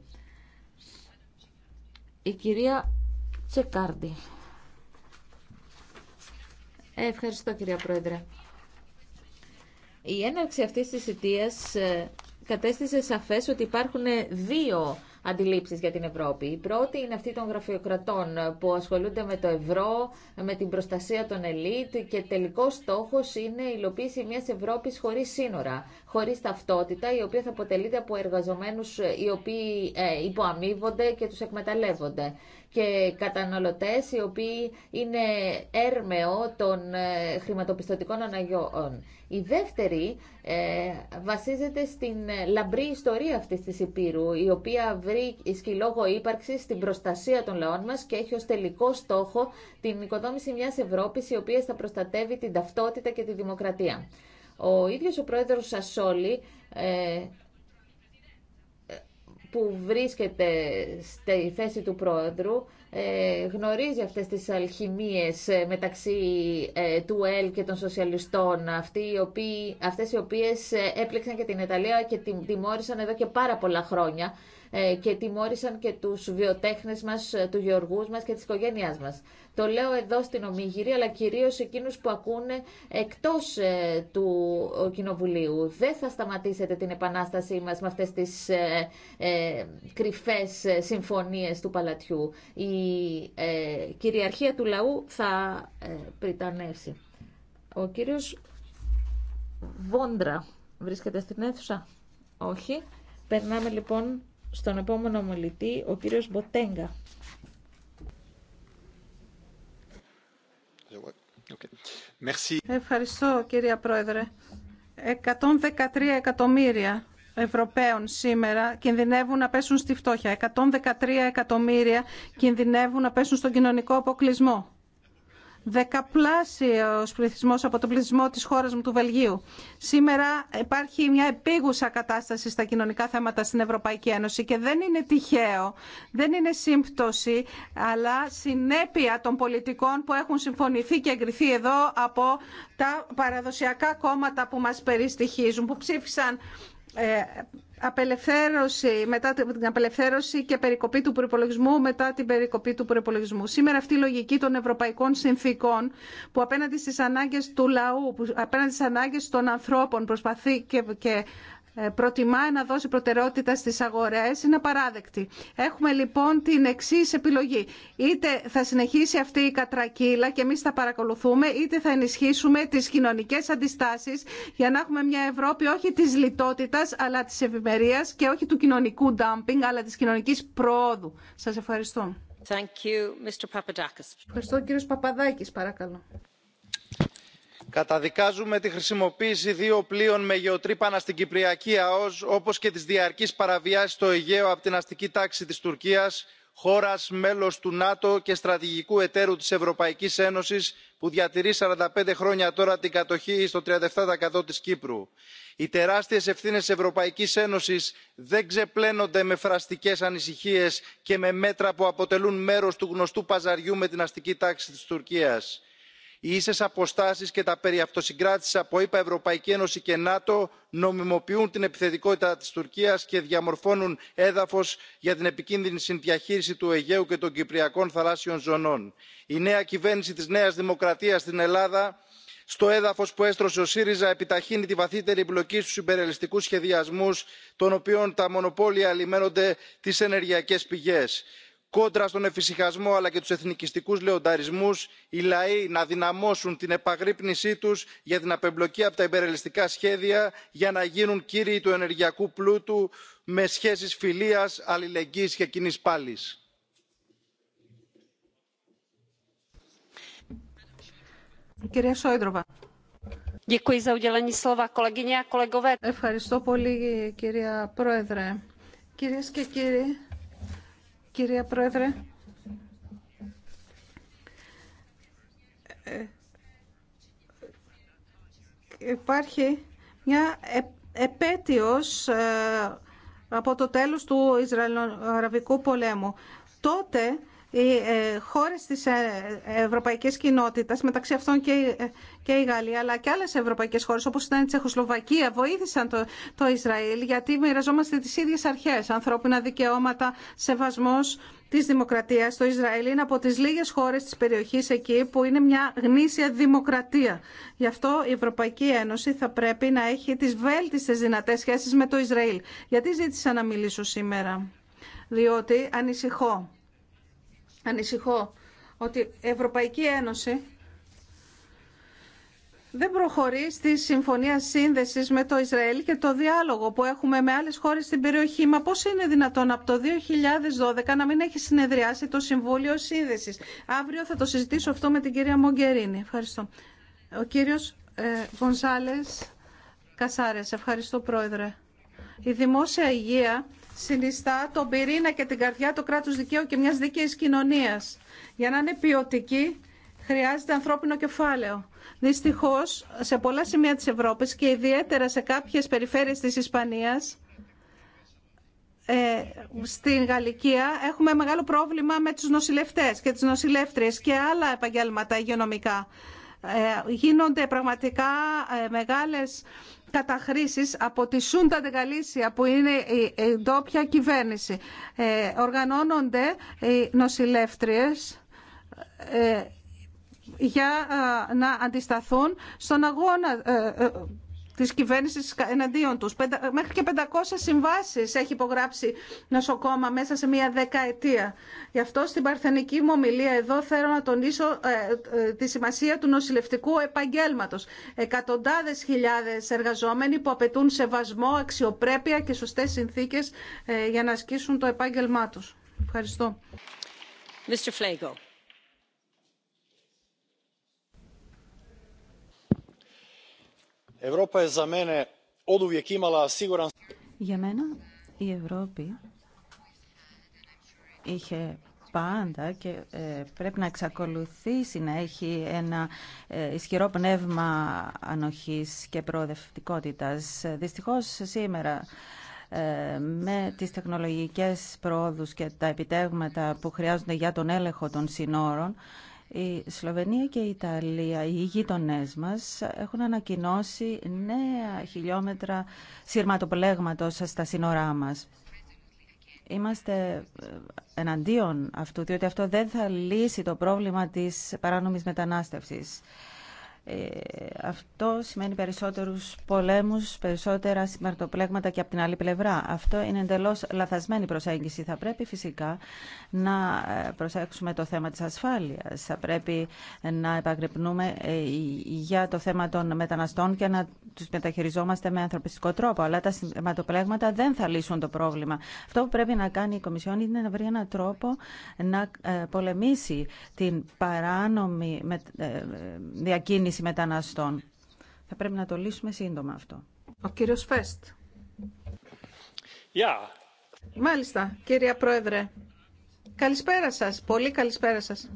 η κυρία Τσεκάρντι. Ευχαριστώ κυρία Πρόεδρε. Η έναρξη αυτής της ιτίας ε, κατέστησε σαφές ότι υπάρχουν δύο αντιλήψει για την Ευρώπη. Η πρώτη είναι αυτή των γραφειοκρατών που ασχολούνται με το ευρώ, με την προστασία των ελίτ και τελικό στόχο είναι η υλοποίηση μια Ευρώπη χωρί σύνορα, χωρί ταυτότητα, η οποία θα αποτελείται από εργαζομένου ε, οι οποίοι ε, υποαμείβονται και του εκμεταλλεύονται και καταναλωτές οι οποίοι είναι έρμεο των ε, χρηματοπιστωτικών αναγκών. Η δεύτερη ε, βασίζεται στην ε, λαμπρή ιστορία αυτής της Υπήρου, η οποία βρει λόγο ύπαρξη στην προστασία των λαών μας και έχει ως τελικό στόχο την οικοδόμηση μιας Ευρώπης η οποία θα προστατεύει την ταυτότητα και τη δημοκρατία. Ο ίδιος ο πρόεδρος Σασόλη που βρίσκεται στη θέση του πρόεδρου ε, γνωρίζει αυτές τις αλχημίες ε, μεταξύ ε, του ΕΛ και των σοσιαλιστών, αυτοί οι οποίοι, αυτές οι οποίες έπλεξαν και την Ιταλία και την τιμώρησαν εδώ και πάρα πολλά χρόνια. Ε, και τιμώρησαν και τους βιοτέχνες μας, ε, του γεωργού μας και τη οικογένεια μας. Το λέω εδώ στην Ομίγυρη, αλλά κυρίως εκείνου που ακούνε εκτός ε, του Κοινοβουλίου. Δεν θα σταματήσετε την επανάστασή μας με αυτέ τι ε, συμφωνίες του Παλατιού. Η κυριαρχία του λαού θα πριτανεύσει. Ο κύριος Βόντρα βρίσκεται στην αίθουσα. Όχι. Περνάμε λοιπόν στον επόμενο ομιλητή, ο κύριος Μποτέγκα. Ευχαριστώ
κυρία Πρόεδρε. 113 εκατομμύρια Ευρωπαίων σήμερα κινδυνεύουν να πέσουν στη φτώχεια. 113 εκατομμύρια κινδυνεύουν να πέσουν στον κοινωνικό αποκλεισμό δεκαπλάσιος πληθυσμός από τον πληθυσμό της χώρας μου του Βελγίου. Σήμερα υπάρχει μια επίγουσα κατάσταση στα κοινωνικά θέματα στην Ευρωπαϊκή Ένωση και δεν είναι τυχαίο, δεν είναι σύμπτωση, αλλά συνέπεια των πολιτικών που έχουν συμφωνηθεί και εγκριθεί εδώ από τα παραδοσιακά κόμματα που μας περιστοιχίζουν, που ψήφισαν ε, απελευθέρωση, μετά την απελευθέρωση και περικοπή του προπολογισμού μετά την περικοπή του προπολογισμού. Σήμερα αυτή η λογική των ευρωπαϊκών συνθήκων που απέναντι στις ανάγκες του λαού, που απέναντι στις ανάγκες των ανθρώπων προσπαθεί και, και ε, προτιμά να δώσει προτεραιότητα στις αγορές είναι απαράδεκτη. Έχουμε λοιπόν την εξή επιλογή. Είτε θα συνεχίσει αυτή η κατρακύλα και εμείς θα παρακολουθούμε, είτε θα ενισχύσουμε τις κοινωνικές αντιστάσεις για να έχουμε μια Ευρώπη όχι της λιτότητας αλλά της ευημερίας και όχι του κοινωνικού ντάμπινγκ αλλά της κοινωνικής προόδου. Σας ευχαριστώ. Ευχαριστώ κύριος Παπαδάκης παρακαλώ
καταδικάζουμε τη χρησιμοποίηση δύο πλοίων με γεωτρύπανα στην κυπριακή αόζ όπως και τις διαρκείς παραβιάσεις στο αιγαίο από την αστική τάξη της τουρκίας χώρας μέλος του νάτο και στρατηγικού εταίρου της ευρωπαϊκής ένωσης που διατηρεί 45 χρόνια τώρα την κατοχή στο 37% της Κύπρου. Οι τεράστιες ευθύνες της Ευρωπαϊκής Ένωσης δεν ξεπλένονται με φραστικές ανησυχίες και με μέτρα που αποτελούν μέρος του γνωστού παζαριού με την αστική τάξη της Τουρκίας οι ίσες αποστάσει και τα περί από ηπα ευρωπαϊκή ένωση και νατο νομιμοποιούν την επιθετικότητα τη Τουρκία και διαμορφώνουν έδαφο για την επικίνδυνη συνδιαχείριση του αιγαίου και των κυπριακών θαλάσσιων ζωνών. η νέα κυβέρνηση τη νέα Δημοκρατία στην ελλάδα στο έδαφο που έστρωσε ο σύριζα επιταχύνει τη βαθύτερη εμπλοκή στου υπερελιστικούς σχεδιασμού, των οποίων τα μονοπόλια λιμένονται τι ενεργειακέ πηγέ κόντρα στον εφησυχασμό αλλά και τους εθνικιστικούς λεονταρισμούς οι λαοί να δυναμώσουν την επαγρύπνησή τους για την απεμπλοκή από τα υπερελιστικά σχέδια για να γίνουν κύριοι του ενεργειακού πλούτου με σχέσεις φιλίας αλληλεγγύης και κοινής πάλης.
Ευχαριστώ πολύ κυρία Πρόεδρε. Κυρίες και κύριοι, κυρία Πρόεδρε. Ε, υπάρχει μια επέτειος ε, από το τέλος του Ισραηλο-Αραβικού πολέμου. Τότε οι ε, χώρες της ε, ευρωπαϊκής κοινότητας, μεταξύ αυτών ε, και η Γαλλία, αλλά και άλλες ευρωπαϊκές χώρες, όπως ήταν η Τσεχοσλοβακία, βοήθησαν το, το Ισραήλ, γιατί μοιραζόμαστε τις ίδιες αρχές, ανθρώπινα δικαιώματα, σεβασμός της δημοκρατίας. Το Ισραήλ είναι από τις λίγες χώρες της περιοχής εκεί που είναι μια γνήσια δημοκρατία. Γι' αυτό η Ευρωπαϊκή Ένωση θα πρέπει να έχει τις βέλτιστες δυνατές σχέσεις με το Ισραήλ. Γιατί ζήτησα να μιλήσω σήμερα. Διότι ανησυχώ ανησυχώ ότι η Ευρωπαϊκή Ένωση δεν προχωρεί στη συμφωνία σύνδεσης με το Ισραήλ και το διάλογο που έχουμε με άλλες χώρες στην περιοχή. Μα πώς είναι δυνατόν από το 2012 να μην έχει συνεδριάσει το Συμβούλιο Σύνδεσης. Αύριο θα το συζητήσω αυτό με την κυρία Μογκερίνη. Ευχαριστώ. Ο κύριος ε, Βονσάλες Κασάρες. Ευχαριστώ πρόεδρε. Η δημόσια υγεία συνιστά τον πυρήνα και την καρδιά του κράτους δικαίου και μιας δίκαιης κοινωνίας. Για να είναι ποιοτική, χρειάζεται ανθρώπινο κεφάλαιο. Δυστυχώς, σε πολλά σημεία της Ευρώπης και ιδιαίτερα σε κάποιες περιφέρειες της Ισπανίας, ε, στην Γαλλικία έχουμε μεγάλο πρόβλημα με τους νοσηλευτές και τις νοσηλεύτριες και άλλα επαγγέλματα υγειονομικά. Ε, γίνονται πραγματικά ε, μεγάλες καταχρήσεις από τη Σούντα Ντεγαλίσια που είναι η ντόπια κυβέρνηση. Ε, οργανώνονται οι νοσηλεύτριες ε, για ε, να αντισταθούν στον αγώνα Τη κυβέρνηση εναντίον του. Μέχρι και 500 συμβάσεις έχει υπογράψει νοσοκόμα μέσα σε μία δεκαετία. Γι' αυτό στην παρθενική μου ομιλία εδώ θέλω να τονίσω ε, ε, τη σημασία του νοσηλευτικού επαγγέλματος. Εκατοντάδες χιλιάδες εργαζόμενοι που απαιτούν σεβασμό, αξιοπρέπεια και σωστές συνθήκες ε, για να ασκήσουν το επάγγελμά του. Ευχαριστώ.
Mr. Flago. Για μένα η Ευρώπη είχε πάντα και ε, πρέπει να εξακολουθήσει να έχει ένα ε, ισχυρό πνεύμα ανοχής και προοδευτικότητας. Δυστυχώς σήμερα ε, με τις τεχνολογικές πρόοδους και τα επιτέγματα που χρειάζονται για τον έλεγχο των συνόρων η Σλοβενία και η Ιταλία, οι γείτονέ μας, έχουν ανακοινώσει νέα χιλιόμετρα σειρματοπλέγματος στα σύνορά μας. Είμαστε ε, εναντίον αυτού, διότι αυτό δεν θα λύσει το πρόβλημα της παράνομης μετανάστευσης. Ε, αυτό σημαίνει περισσότερους πολέμους, περισσότερα συμμερτοπλέγματα και από την άλλη πλευρά. Αυτό είναι εντελώς λαθασμένη προσέγγιση. Θα πρέπει φυσικά να ε, προσέξουμε το θέμα της ασφάλειας. Θα πρέπει να επαγρυπνούμε ε, για το θέμα των μεταναστών και να τους μεταχειριζόμαστε με ανθρωπιστικό τρόπο. Αλλά τα συμμερτοπλέγματα δεν θα λύσουν το πρόβλημα. Αυτό που πρέπει να κάνει η Κομισιόν είναι να βρει έναν τρόπο να πολεμήσει την παράνομη διακίνηση μεταναστών. Θα πρέπει να το λύσουμε σύντομα αυτό. Ο κύριος Φέστ.
Μάλιστα, κύριε Πρόεδρε. Καλησπέρα σας. Πολύ καλησπέρα σας.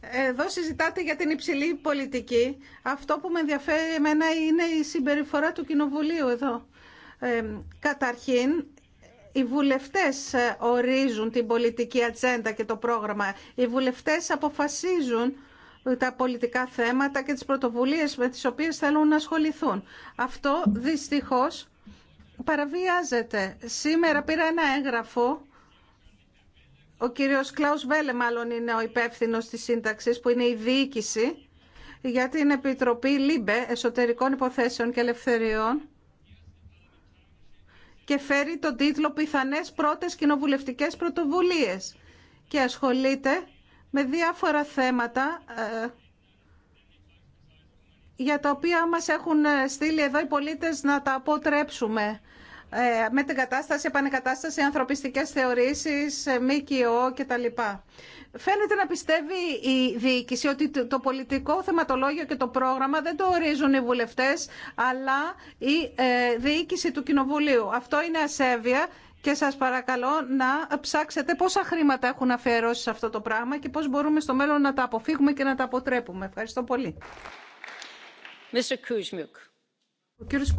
Εδώ συζητάτε για την υψηλή πολιτική. Αυτό που με ενδιαφέρει εμένα είναι η συμπεριφορά του Κοινοβουλίου εδώ. Ε, καταρχήν, οι βουλευτές ε, ορίζουν την πολιτική ατζέντα και το πρόγραμμα. Οι βουλευτές αποφασίζουν τα πολιτικά θέματα και τις πρωτοβουλίες με τις οποίες θέλουν να ασχοληθούν. Αυτό δυστυχώς παραβιάζεται. Σήμερα πήρα ένα έγγραφο, ο κύριος Κλάους Βέλε μάλλον είναι ο υπεύθυνος της σύνταξης που είναι η διοίκηση για την Επιτροπή ΛΥΜΠΕ Εσωτερικών Υποθέσεων και Ελευθεριών και φέρει τον τίτλο «Πιθανές πρώτες κοινοβουλευτικές πρωτοβουλίες» και ασχολείται με διάφορα θέματα ε, για τα οποία μας έχουν στείλει εδώ οι πολίτες να τα αποτρέψουμε. Ε, με την κατάσταση, επανεκατάσταση, ανθρωπιστικές θεωρήσεις, ε, ΜΚΟ κτλ. Φαίνεται να πιστεύει η διοίκηση ότι το πολιτικό θεματολόγιο και το πρόγραμμα δεν το ορίζουν οι βουλευτές, αλλά η διοίκηση του Κοινοβουλίου. Αυτό είναι ασέβεια και σας παρακαλώ να ψάξετε πόσα χρήματα έχουν αφιερώσει σε αυτό το πράγμα και πώς μπορούμε στο μέλλον να τα αποφύγουμε και να τα αποτρέπουμε. Ευχαριστώ πολύ. Ο κύριος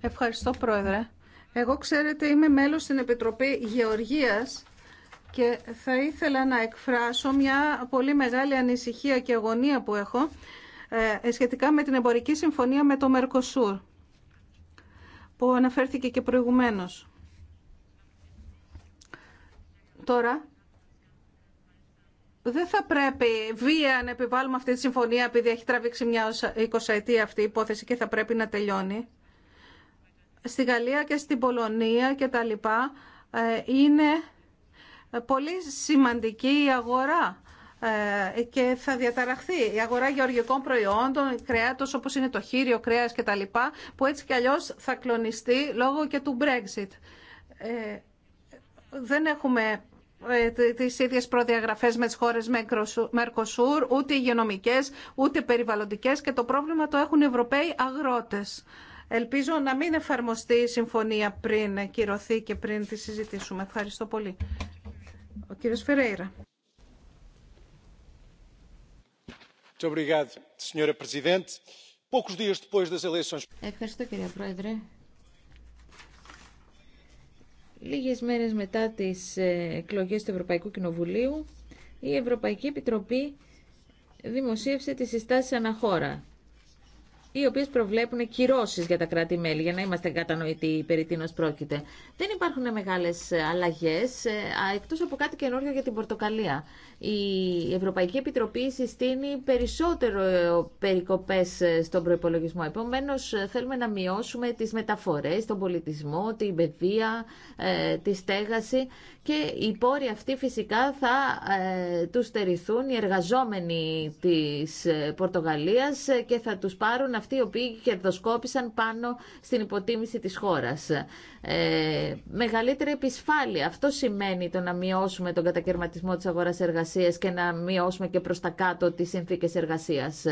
Ευχαριστώ, Πρόεδρε. Εγώ, ξέρετε, είμαι μέλος στην Επιτροπή Γεωργίας και θα ήθελα να εκφράσω μια πολύ μεγάλη ανησυχία και αγωνία που έχω ε, ε, σχετικά με την εμπορική συμφωνία με το Μερκοσούρ που αναφέρθηκε και προηγουμένως. Τώρα, δεν θα πρέπει βία να επιβάλλουμε αυτή τη συμφωνία επειδή έχει τραβήξει μια 20 αυτή η υπόθεση και θα πρέπει να τελειώνει. Στη Γαλλία και στην Πολωνία και τα λοιπά ε, είναι πολύ σημαντική η αγορά ε, και θα διαταραχθεί η αγορά γεωργικών προϊόντων, κρέατος όπως είναι το χείριο κρέας κτλ. που έτσι κι αλλιώς θα κλονιστεί λόγω και του Brexit. Ε, δεν έχουμε ε, τις ίδιες προδιαγραφές με τις χώρες μερκοσουρ, ούτε υγειονομικές, ούτε περιβαλλοντικές και το πρόβλημα το έχουν οι Ευρωπαίοι αγρότες. Ελπίζω να μην εφαρμοστεί η συμφωνία πριν κυρωθεί και πριν τη συζητήσουμε. Ευχαριστώ πολύ. Ο κύριος Φερέιρα.
Ευχαριστώ κύριε Πρόεδρε. Λίγες μέρες μετά τις ε, εκλογές του Ευρωπαϊκού Κοινοβουλίου, η Ευρωπαϊκή Επιτροπή δημοσίευσε τις συστάσεις αναχώρα οι οποίε προβλέπουν κυρώσει για τα κράτη-μέλη, για να είμαστε κατανοητοί περί τίνο πρόκειται. Δεν υπάρχουν μεγάλε αλλαγέ ε, εκτό από κάτι καινούριο για την Πορτοκαλία. Η Ευρωπαϊκή Επιτροπή συστήνει περισσότερο ε, περικοπέ ε, στον προπολογισμό. Επομένω, θέλουμε να μειώσουμε τι μεταφορέ, τον πολιτισμό, την παιδεία, τη στέγαση και οι πόροι αυτοί φυσικά θα τους στερηθούν οι εργαζόμενοι της Πορτογαλίας και θα τους πάρουν αυτοί οι οποίοι κερδοσκόπησαν πάνω στην υποτίμηση της χώρας. Ε, μεγαλύτερη επισφάλεια. Αυτό σημαίνει το να μειώσουμε τον κατακαιρματισμό της αγοράς εργασίας και να μειώσουμε και προς τα κάτω τις συνθήκες εργασίας.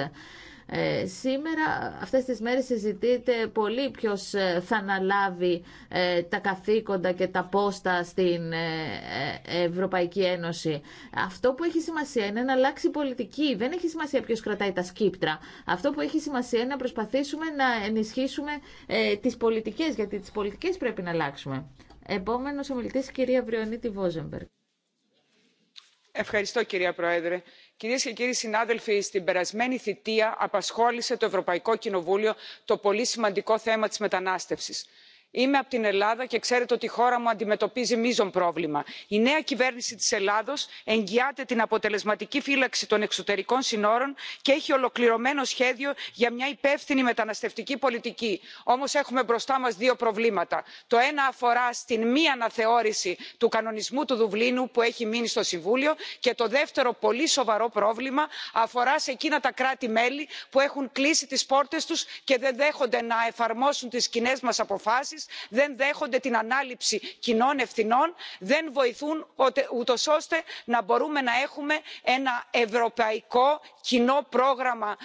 Ε, σήμερα, αυτές τις μέρες συζητείται πολύ ποιος ε, θα αναλάβει ε, τα καθήκοντα και τα πόστα στην ε, Ευρωπαϊκή Ένωση. Αυτό που έχει σημασία είναι να αλλάξει η πολιτική. Δεν έχει σημασία ποιος κρατάει τα σκύπτρα. Αυτό που έχει σημασία είναι να προσπαθήσουμε να ενισχύσουμε τις πολιτικές, γιατί τις πολιτικές πρέπει να αλλάξουμε. Επόμενος ομιλητής, κυρία Βριονίτη Βόζεμπεργκ.
Ευχαριστώ κυρία πρόεδρε κυρίες και κύριοι συνάδελφοι στην περασμένη θητεία απασχόλησε το ευρωπαϊκό κοινοβούλιο το πολύ σημαντικό θέμα της μετανάστευσης είμαι από την ελλάδα και ξέρετε ότι η χώρα μου αντιμετωπίζει μείζον πρόβλημα. η νέα κυβέρνηση της ελλάδος εγγυάται την αποτελεσματική φύλαξη των εξωτερικών συνόρων και έχει ολοκληρωμένο σχέδιο για μια υπεύθυνη μεταναστευτική πολιτική. όμως έχουμε μπροστά μας δύο προβλήματα. το ένα αφορά στην μη αναθεώρηση του κανονισμού του δουβλίνου που έχει μείνει στο συμβούλιο και το δεύτερο πολύ σοβαρό πρόβλημα αφορά σε εκείνα τα κράτη μέλη που έχουν κλείσει τις πόρτες τους και δεν δέχονται να εφαρμόσουν τις κοινέ μας αποφάσεις δεν δέχονται την ανάληψη κοινών ευθυνών δεν βοηθούν ούτως ώστε να μπορούμε να έχουμε ένα ευρωπαϊκό κοινό πρόγραμμα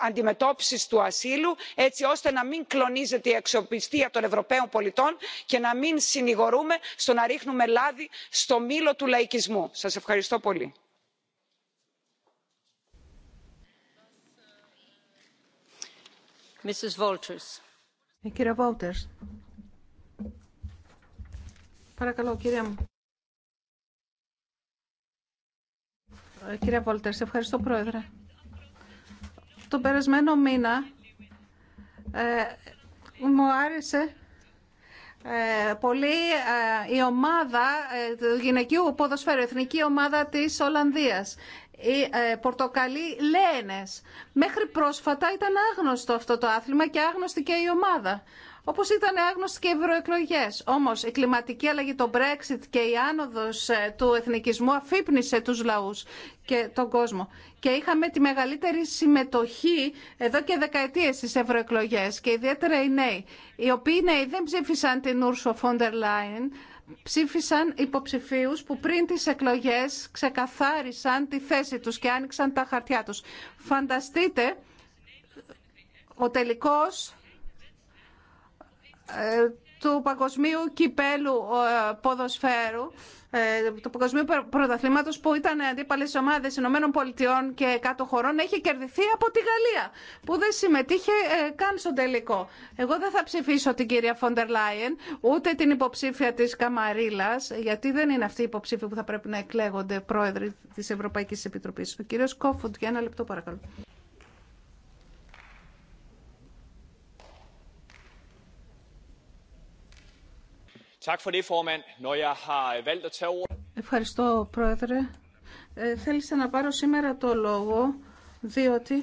αντιμετώπισης του ασύλου έτσι ώστε να μην κλονίζεται η αξιοπιστία των ευρωπαίων πολιτών και να μην συνηγορούμε στο να ρίχνουμε λάδι στο μήλο του λαϊκισμού. σας ευχαριστώ πολύ.
Παρακαλώ, κυρία μου. Ε, κυρία Βόλτερ, σε ευχαριστώ, Πρόεδρε. Το περασμένο μήνα ε, μου άρεσε ε, πολύ ε, η ομάδα του γυναικείου ποδοσφαίρου, εθνική ομάδα της Ολλανδίας οι ε, πορτοκαλί λένες. Μέχρι πρόσφατα ήταν άγνωστο αυτό το άθλημα και άγνωστη και η ομάδα. Όπω ήταν άγνωστοι και οι ευρωεκλογέ. Όμω η κλιματική αλλαγή, το Brexit και η άνοδο ε, του εθνικισμού αφύπνισε του λαού και τον κόσμο. Και είχαμε τη μεγαλύτερη συμμετοχή εδώ και δεκαετίε στι ευρωεκλογέ και ιδιαίτερα οι νέοι, οι οποίοι νέοι δεν ψήφισαν την Ούρσο Φόντερ Λάιν, ψήφισαν υποψηφίους που πριν τις εκλογές ξεκαθάρισαν τη θέση τους και άνοιξαν τα χαρτιά τους. Φανταστείτε ο τελικός ε, του παγκοσμίου κυπέλου ε, ποδοσφαίρου, ε, του παγκοσμίου πρωταθλήματος που ήταν αντίπαλες ομάδες Ηνωμένων Πολιτειών και κάτω χωρών, έχει κερδιθεί από τη Γαλλία, που δεν συμμετείχε ε, καν στον τελικό. Εγώ δεν θα ψηφίσω την κυρία Φόντερ Λάιεν, ούτε την υποψήφια της Καμαρίλας, γιατί δεν είναι αυτή η υποψήφια που θα πρέπει να εκλέγονται πρόεδροι της Ευρωπαϊκής Επιτροπής. Ο κύριος Κόφουντ, για ένα λεπτό παρακαλώ. Ευχαριστώ, Πρόεδρε. Ε, θέλησα να πάρω σήμερα το λόγο, διότι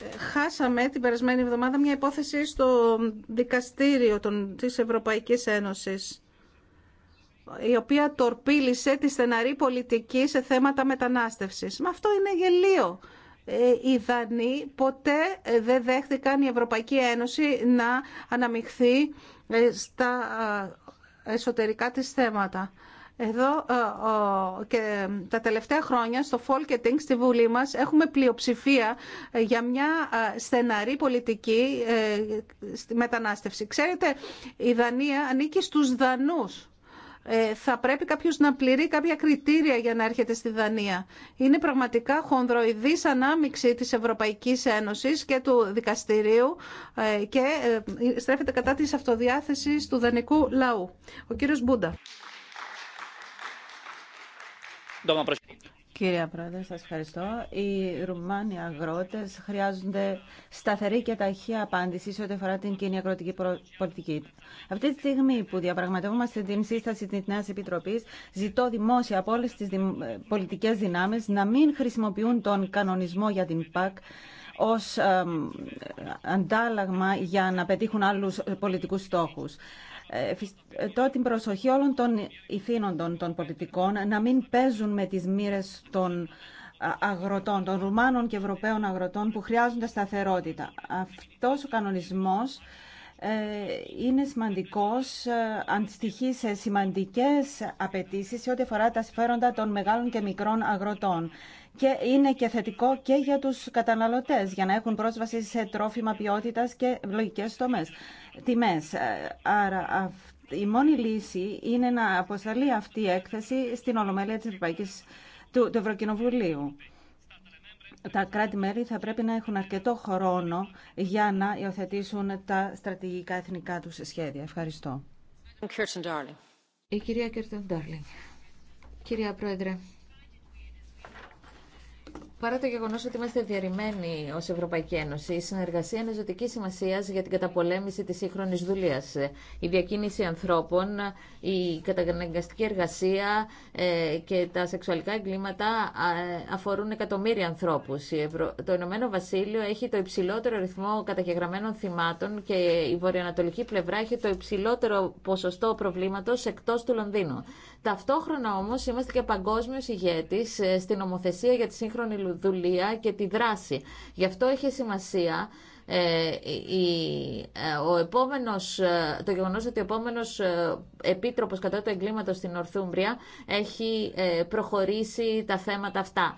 ε, χάσαμε την περασμένη εβδομάδα μια υπόθεση στο δικαστήριο των, της Ευρωπαϊκής Ένωσης η οποία τορπίλησε τη στεναρή πολιτική σε θέματα μετανάστευσης. Μα αυτό είναι γελίο. Ε, οι Δανείοι ποτέ ε, δεν δέχτηκαν η Ευρωπαϊκή Ένωση να αναμειχθεί στα εσωτερικά της θέματα. Εδώ ε, και τα τελευταία χρόνια στο Folketing στη Βουλή μας έχουμε πλειοψηφία ε, για μια ε, στεναρή πολιτική στη μετανάστευση. Ξέρετε, η Δανία ανήκει στους Δανούς ε, θα πρέπει κάποιο να πληρεί κάποια κριτήρια για να έρχεται στη Δανία. Είναι πραγματικά χονδροειδή ανάμιξη της Ευρωπαϊκής Ένωσης και του δικαστηρίου ε, και ε, στρέφεται κατά της αυτοδιάθεσης του δανικού λαού. Ο κύριο Μπούντα.
Κύριε Πρόεδρε, σας ευχαριστώ. Οι Ρουμάνοι αγρότες χρειάζονται σταθερή και ταχεία απάντηση σε ό,τι αφορά την κοινή αγροτική πολιτική. Αυτή τη στιγμή που διαπραγματεύομαστε την σύσταση της Νέας Επιτροπής, ζητώ δημόσια από όλες τις πολιτικές δυνάμεις να μην χρησιμοποιούν τον κανονισμό για την ΠΑΚ ως αντάλλαγμα για να πετύχουν άλλους πολιτικούς στόχους. Ε, ε, το την προσοχή όλων των ηθήνοντων των πολιτικών να μην παίζουν με τις μοίρες των αγροτών, των Ρουμάνων και Ευρωπαίων αγροτών που χρειάζονται σταθερότητα. Αυτός ο κανονισμός ε, είναι σημαντικός, αντιστοιχεί σε σημαντικές απαιτήσεις σε ό,τι αφορά τα συμφέροντα των μεγάλων και μικρών αγροτών και είναι και θετικό και για τους καταναλωτές για να έχουν πρόσβαση σε τρόφιμα ποιότητας και λογικές τομές, τιμές. Ε, άρα η μόνη λύση είναι να αποσταλεί αυτή η έκθεση στην Ολομέλεια της Ευρωπαϊκής του, του Ευρωκοινοβουλίου. Τα κράτη-μέρη θα πρέπει να έχουν αρκετό χρόνο για να υιοθετήσουν τα στρατηγικά εθνικά τους σχέδια. Ευχαριστώ. Η κυρία Κυρία Πρόεδρε,
Παρά το γεγονό ότι είμαστε διαρριμμένοι ω Ευρωπαϊκή Ένωση, η συνεργασία είναι ζωτική σημασία για την καταπολέμηση τη σύγχρονη δουλεία. Η διακίνηση ανθρώπων, η καταναγκαστική εργασία ε, και τα σεξουαλικά εγκλήματα αφορούν εκατομμύρια ανθρώπου. Το Ηνωμένο Βασίλειο έχει το υψηλότερο ρυθμό καταγεγραμμένων θυμάτων και η βορειοανατολική πλευρά έχει το υψηλότερο ποσοστό προβλήματο εκτό του Λονδίνου. Ταυτόχρονα όμω είμαστε και παγκόσμιο ηγέτη ε, στην ομοθεσία για τη σύγχρονη δουλεία και τη δράση. Γι' αυτό έχει σημασία ε, ε, ο επόμενος, ε, το γεγονός ότι ο επόμενος επίτροπος κατά του εγκλήματος στην Ορθούμπρια έχει προχωρήσει τα θέματα αυτά.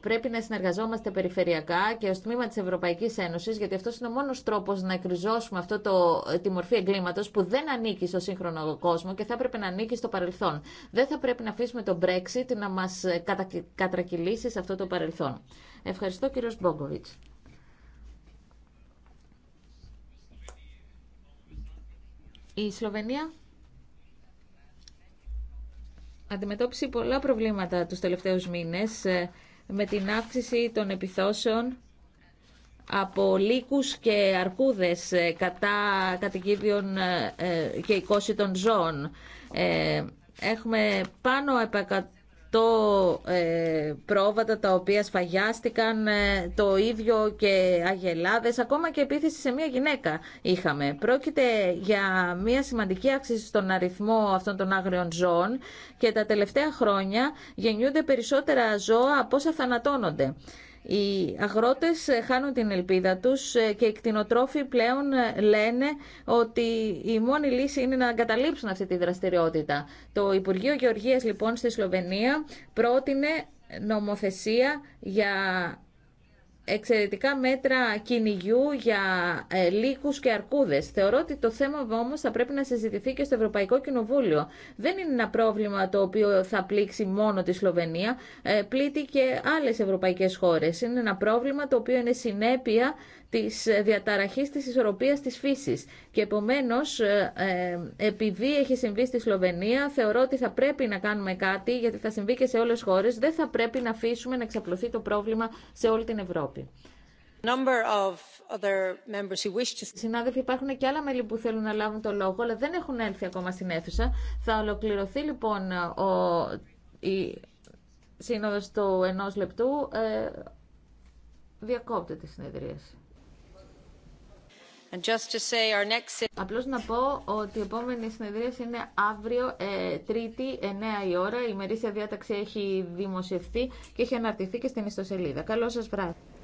πρέπει να συνεργαζόμαστε περιφερειακά και ως τμήμα της Ευρωπαϊκής Ένωσης, γιατί αυτός είναι ο μόνος τρόπος να εκριζώσουμε αυτό τη μορφή εγκλήματος που δεν ανήκει στο σύγχρονο κόσμο και θα έπρεπε να ανήκει στο παρελθόν. Δεν θα πρέπει να αφήσουμε το Brexit να μας κατρακυλήσει σε αυτό το παρελθόν. Ευχαριστώ κύριος Μπόγκοβιτς. Η Σλοβενία αντιμετώπισε πολλά προβλήματα τους τελευταίους μήνες ε, με την αύξηση των επιθώσεων από λύκους και αρκούδες ε, κατά κατοικίδιων ε, και οικόσιτων ζώων. Έχουμε πάνω από 100 πρόβατα τα οποία σφαγιάστηκαν, ε, το ίδιο και αγελάδες, ακόμα και επίθεση σε μια γυναίκα είχαμε. Πρόκειται για μια σημαντική αύξηση στον αριθμό αυτών των άγριων ζώων και τα τελευταία χρόνια γεννιούνται περισσότερα ζώα από όσα θανατώνονται. Οι αγρότες χάνουν την ελπίδα τους ε, και οι κτηνοτρόφοι πλέον ε, λένε ότι η μόνη λύση είναι να εγκαταλείψουν αυτή τη δραστηριότητα. Το Υπουργείο Γεωργίας λοιπόν στη Σλοβενία πρότεινε νομοθεσία για εξαιρετικά μέτρα κυνηγιού για ε, λύκους και αρκούδες. Θεωρώ ότι το θέμα όμως θα πρέπει να συζητηθεί και στο Ευρωπαϊκό Κοινοβούλιο. Δεν είναι ένα πρόβλημα το οποίο θα πλήξει μόνο τη Σλοβενία, ε, πλήττει και άλλες ευρωπαϊκές χώρες. Είναι ένα πρόβλημα το οποίο είναι συνέπεια της διαταραχής της ισορροπίας της φύσης. Και επομένως, ε, ε, επειδή έχει συμβεί στη Σλοβενία, θεωρώ ότι θα πρέπει να κάνουμε κάτι, γιατί θα συμβεί και σε όλες τις χώρες. Δεν θα πρέπει να αφήσουμε να εξαπλωθεί το πρόβλημα σε όλη την Ευρώπη. Συνάδελφοι, υπάρχουν και άλλα μέλη που θέλουν να λάβουν το λόγο, αλλά δεν έχουν έλθει ακόμα στην αίθουσα. Θα ολοκληρωθεί λοιπόν ο... η σύνοδος του ενός λεπτού. Ε... Διακόπτεται η συνεδρίαση. Απλώ να πω ότι η επόμενη συνεδρίαση είναι αύριο, ε, Τρίτη, 9 η ώρα. Η ημερήσια διάταξη έχει δημοσιευθεί και έχει αναρτηθεί και στην ιστοσελίδα. Καλό σας βράδυ.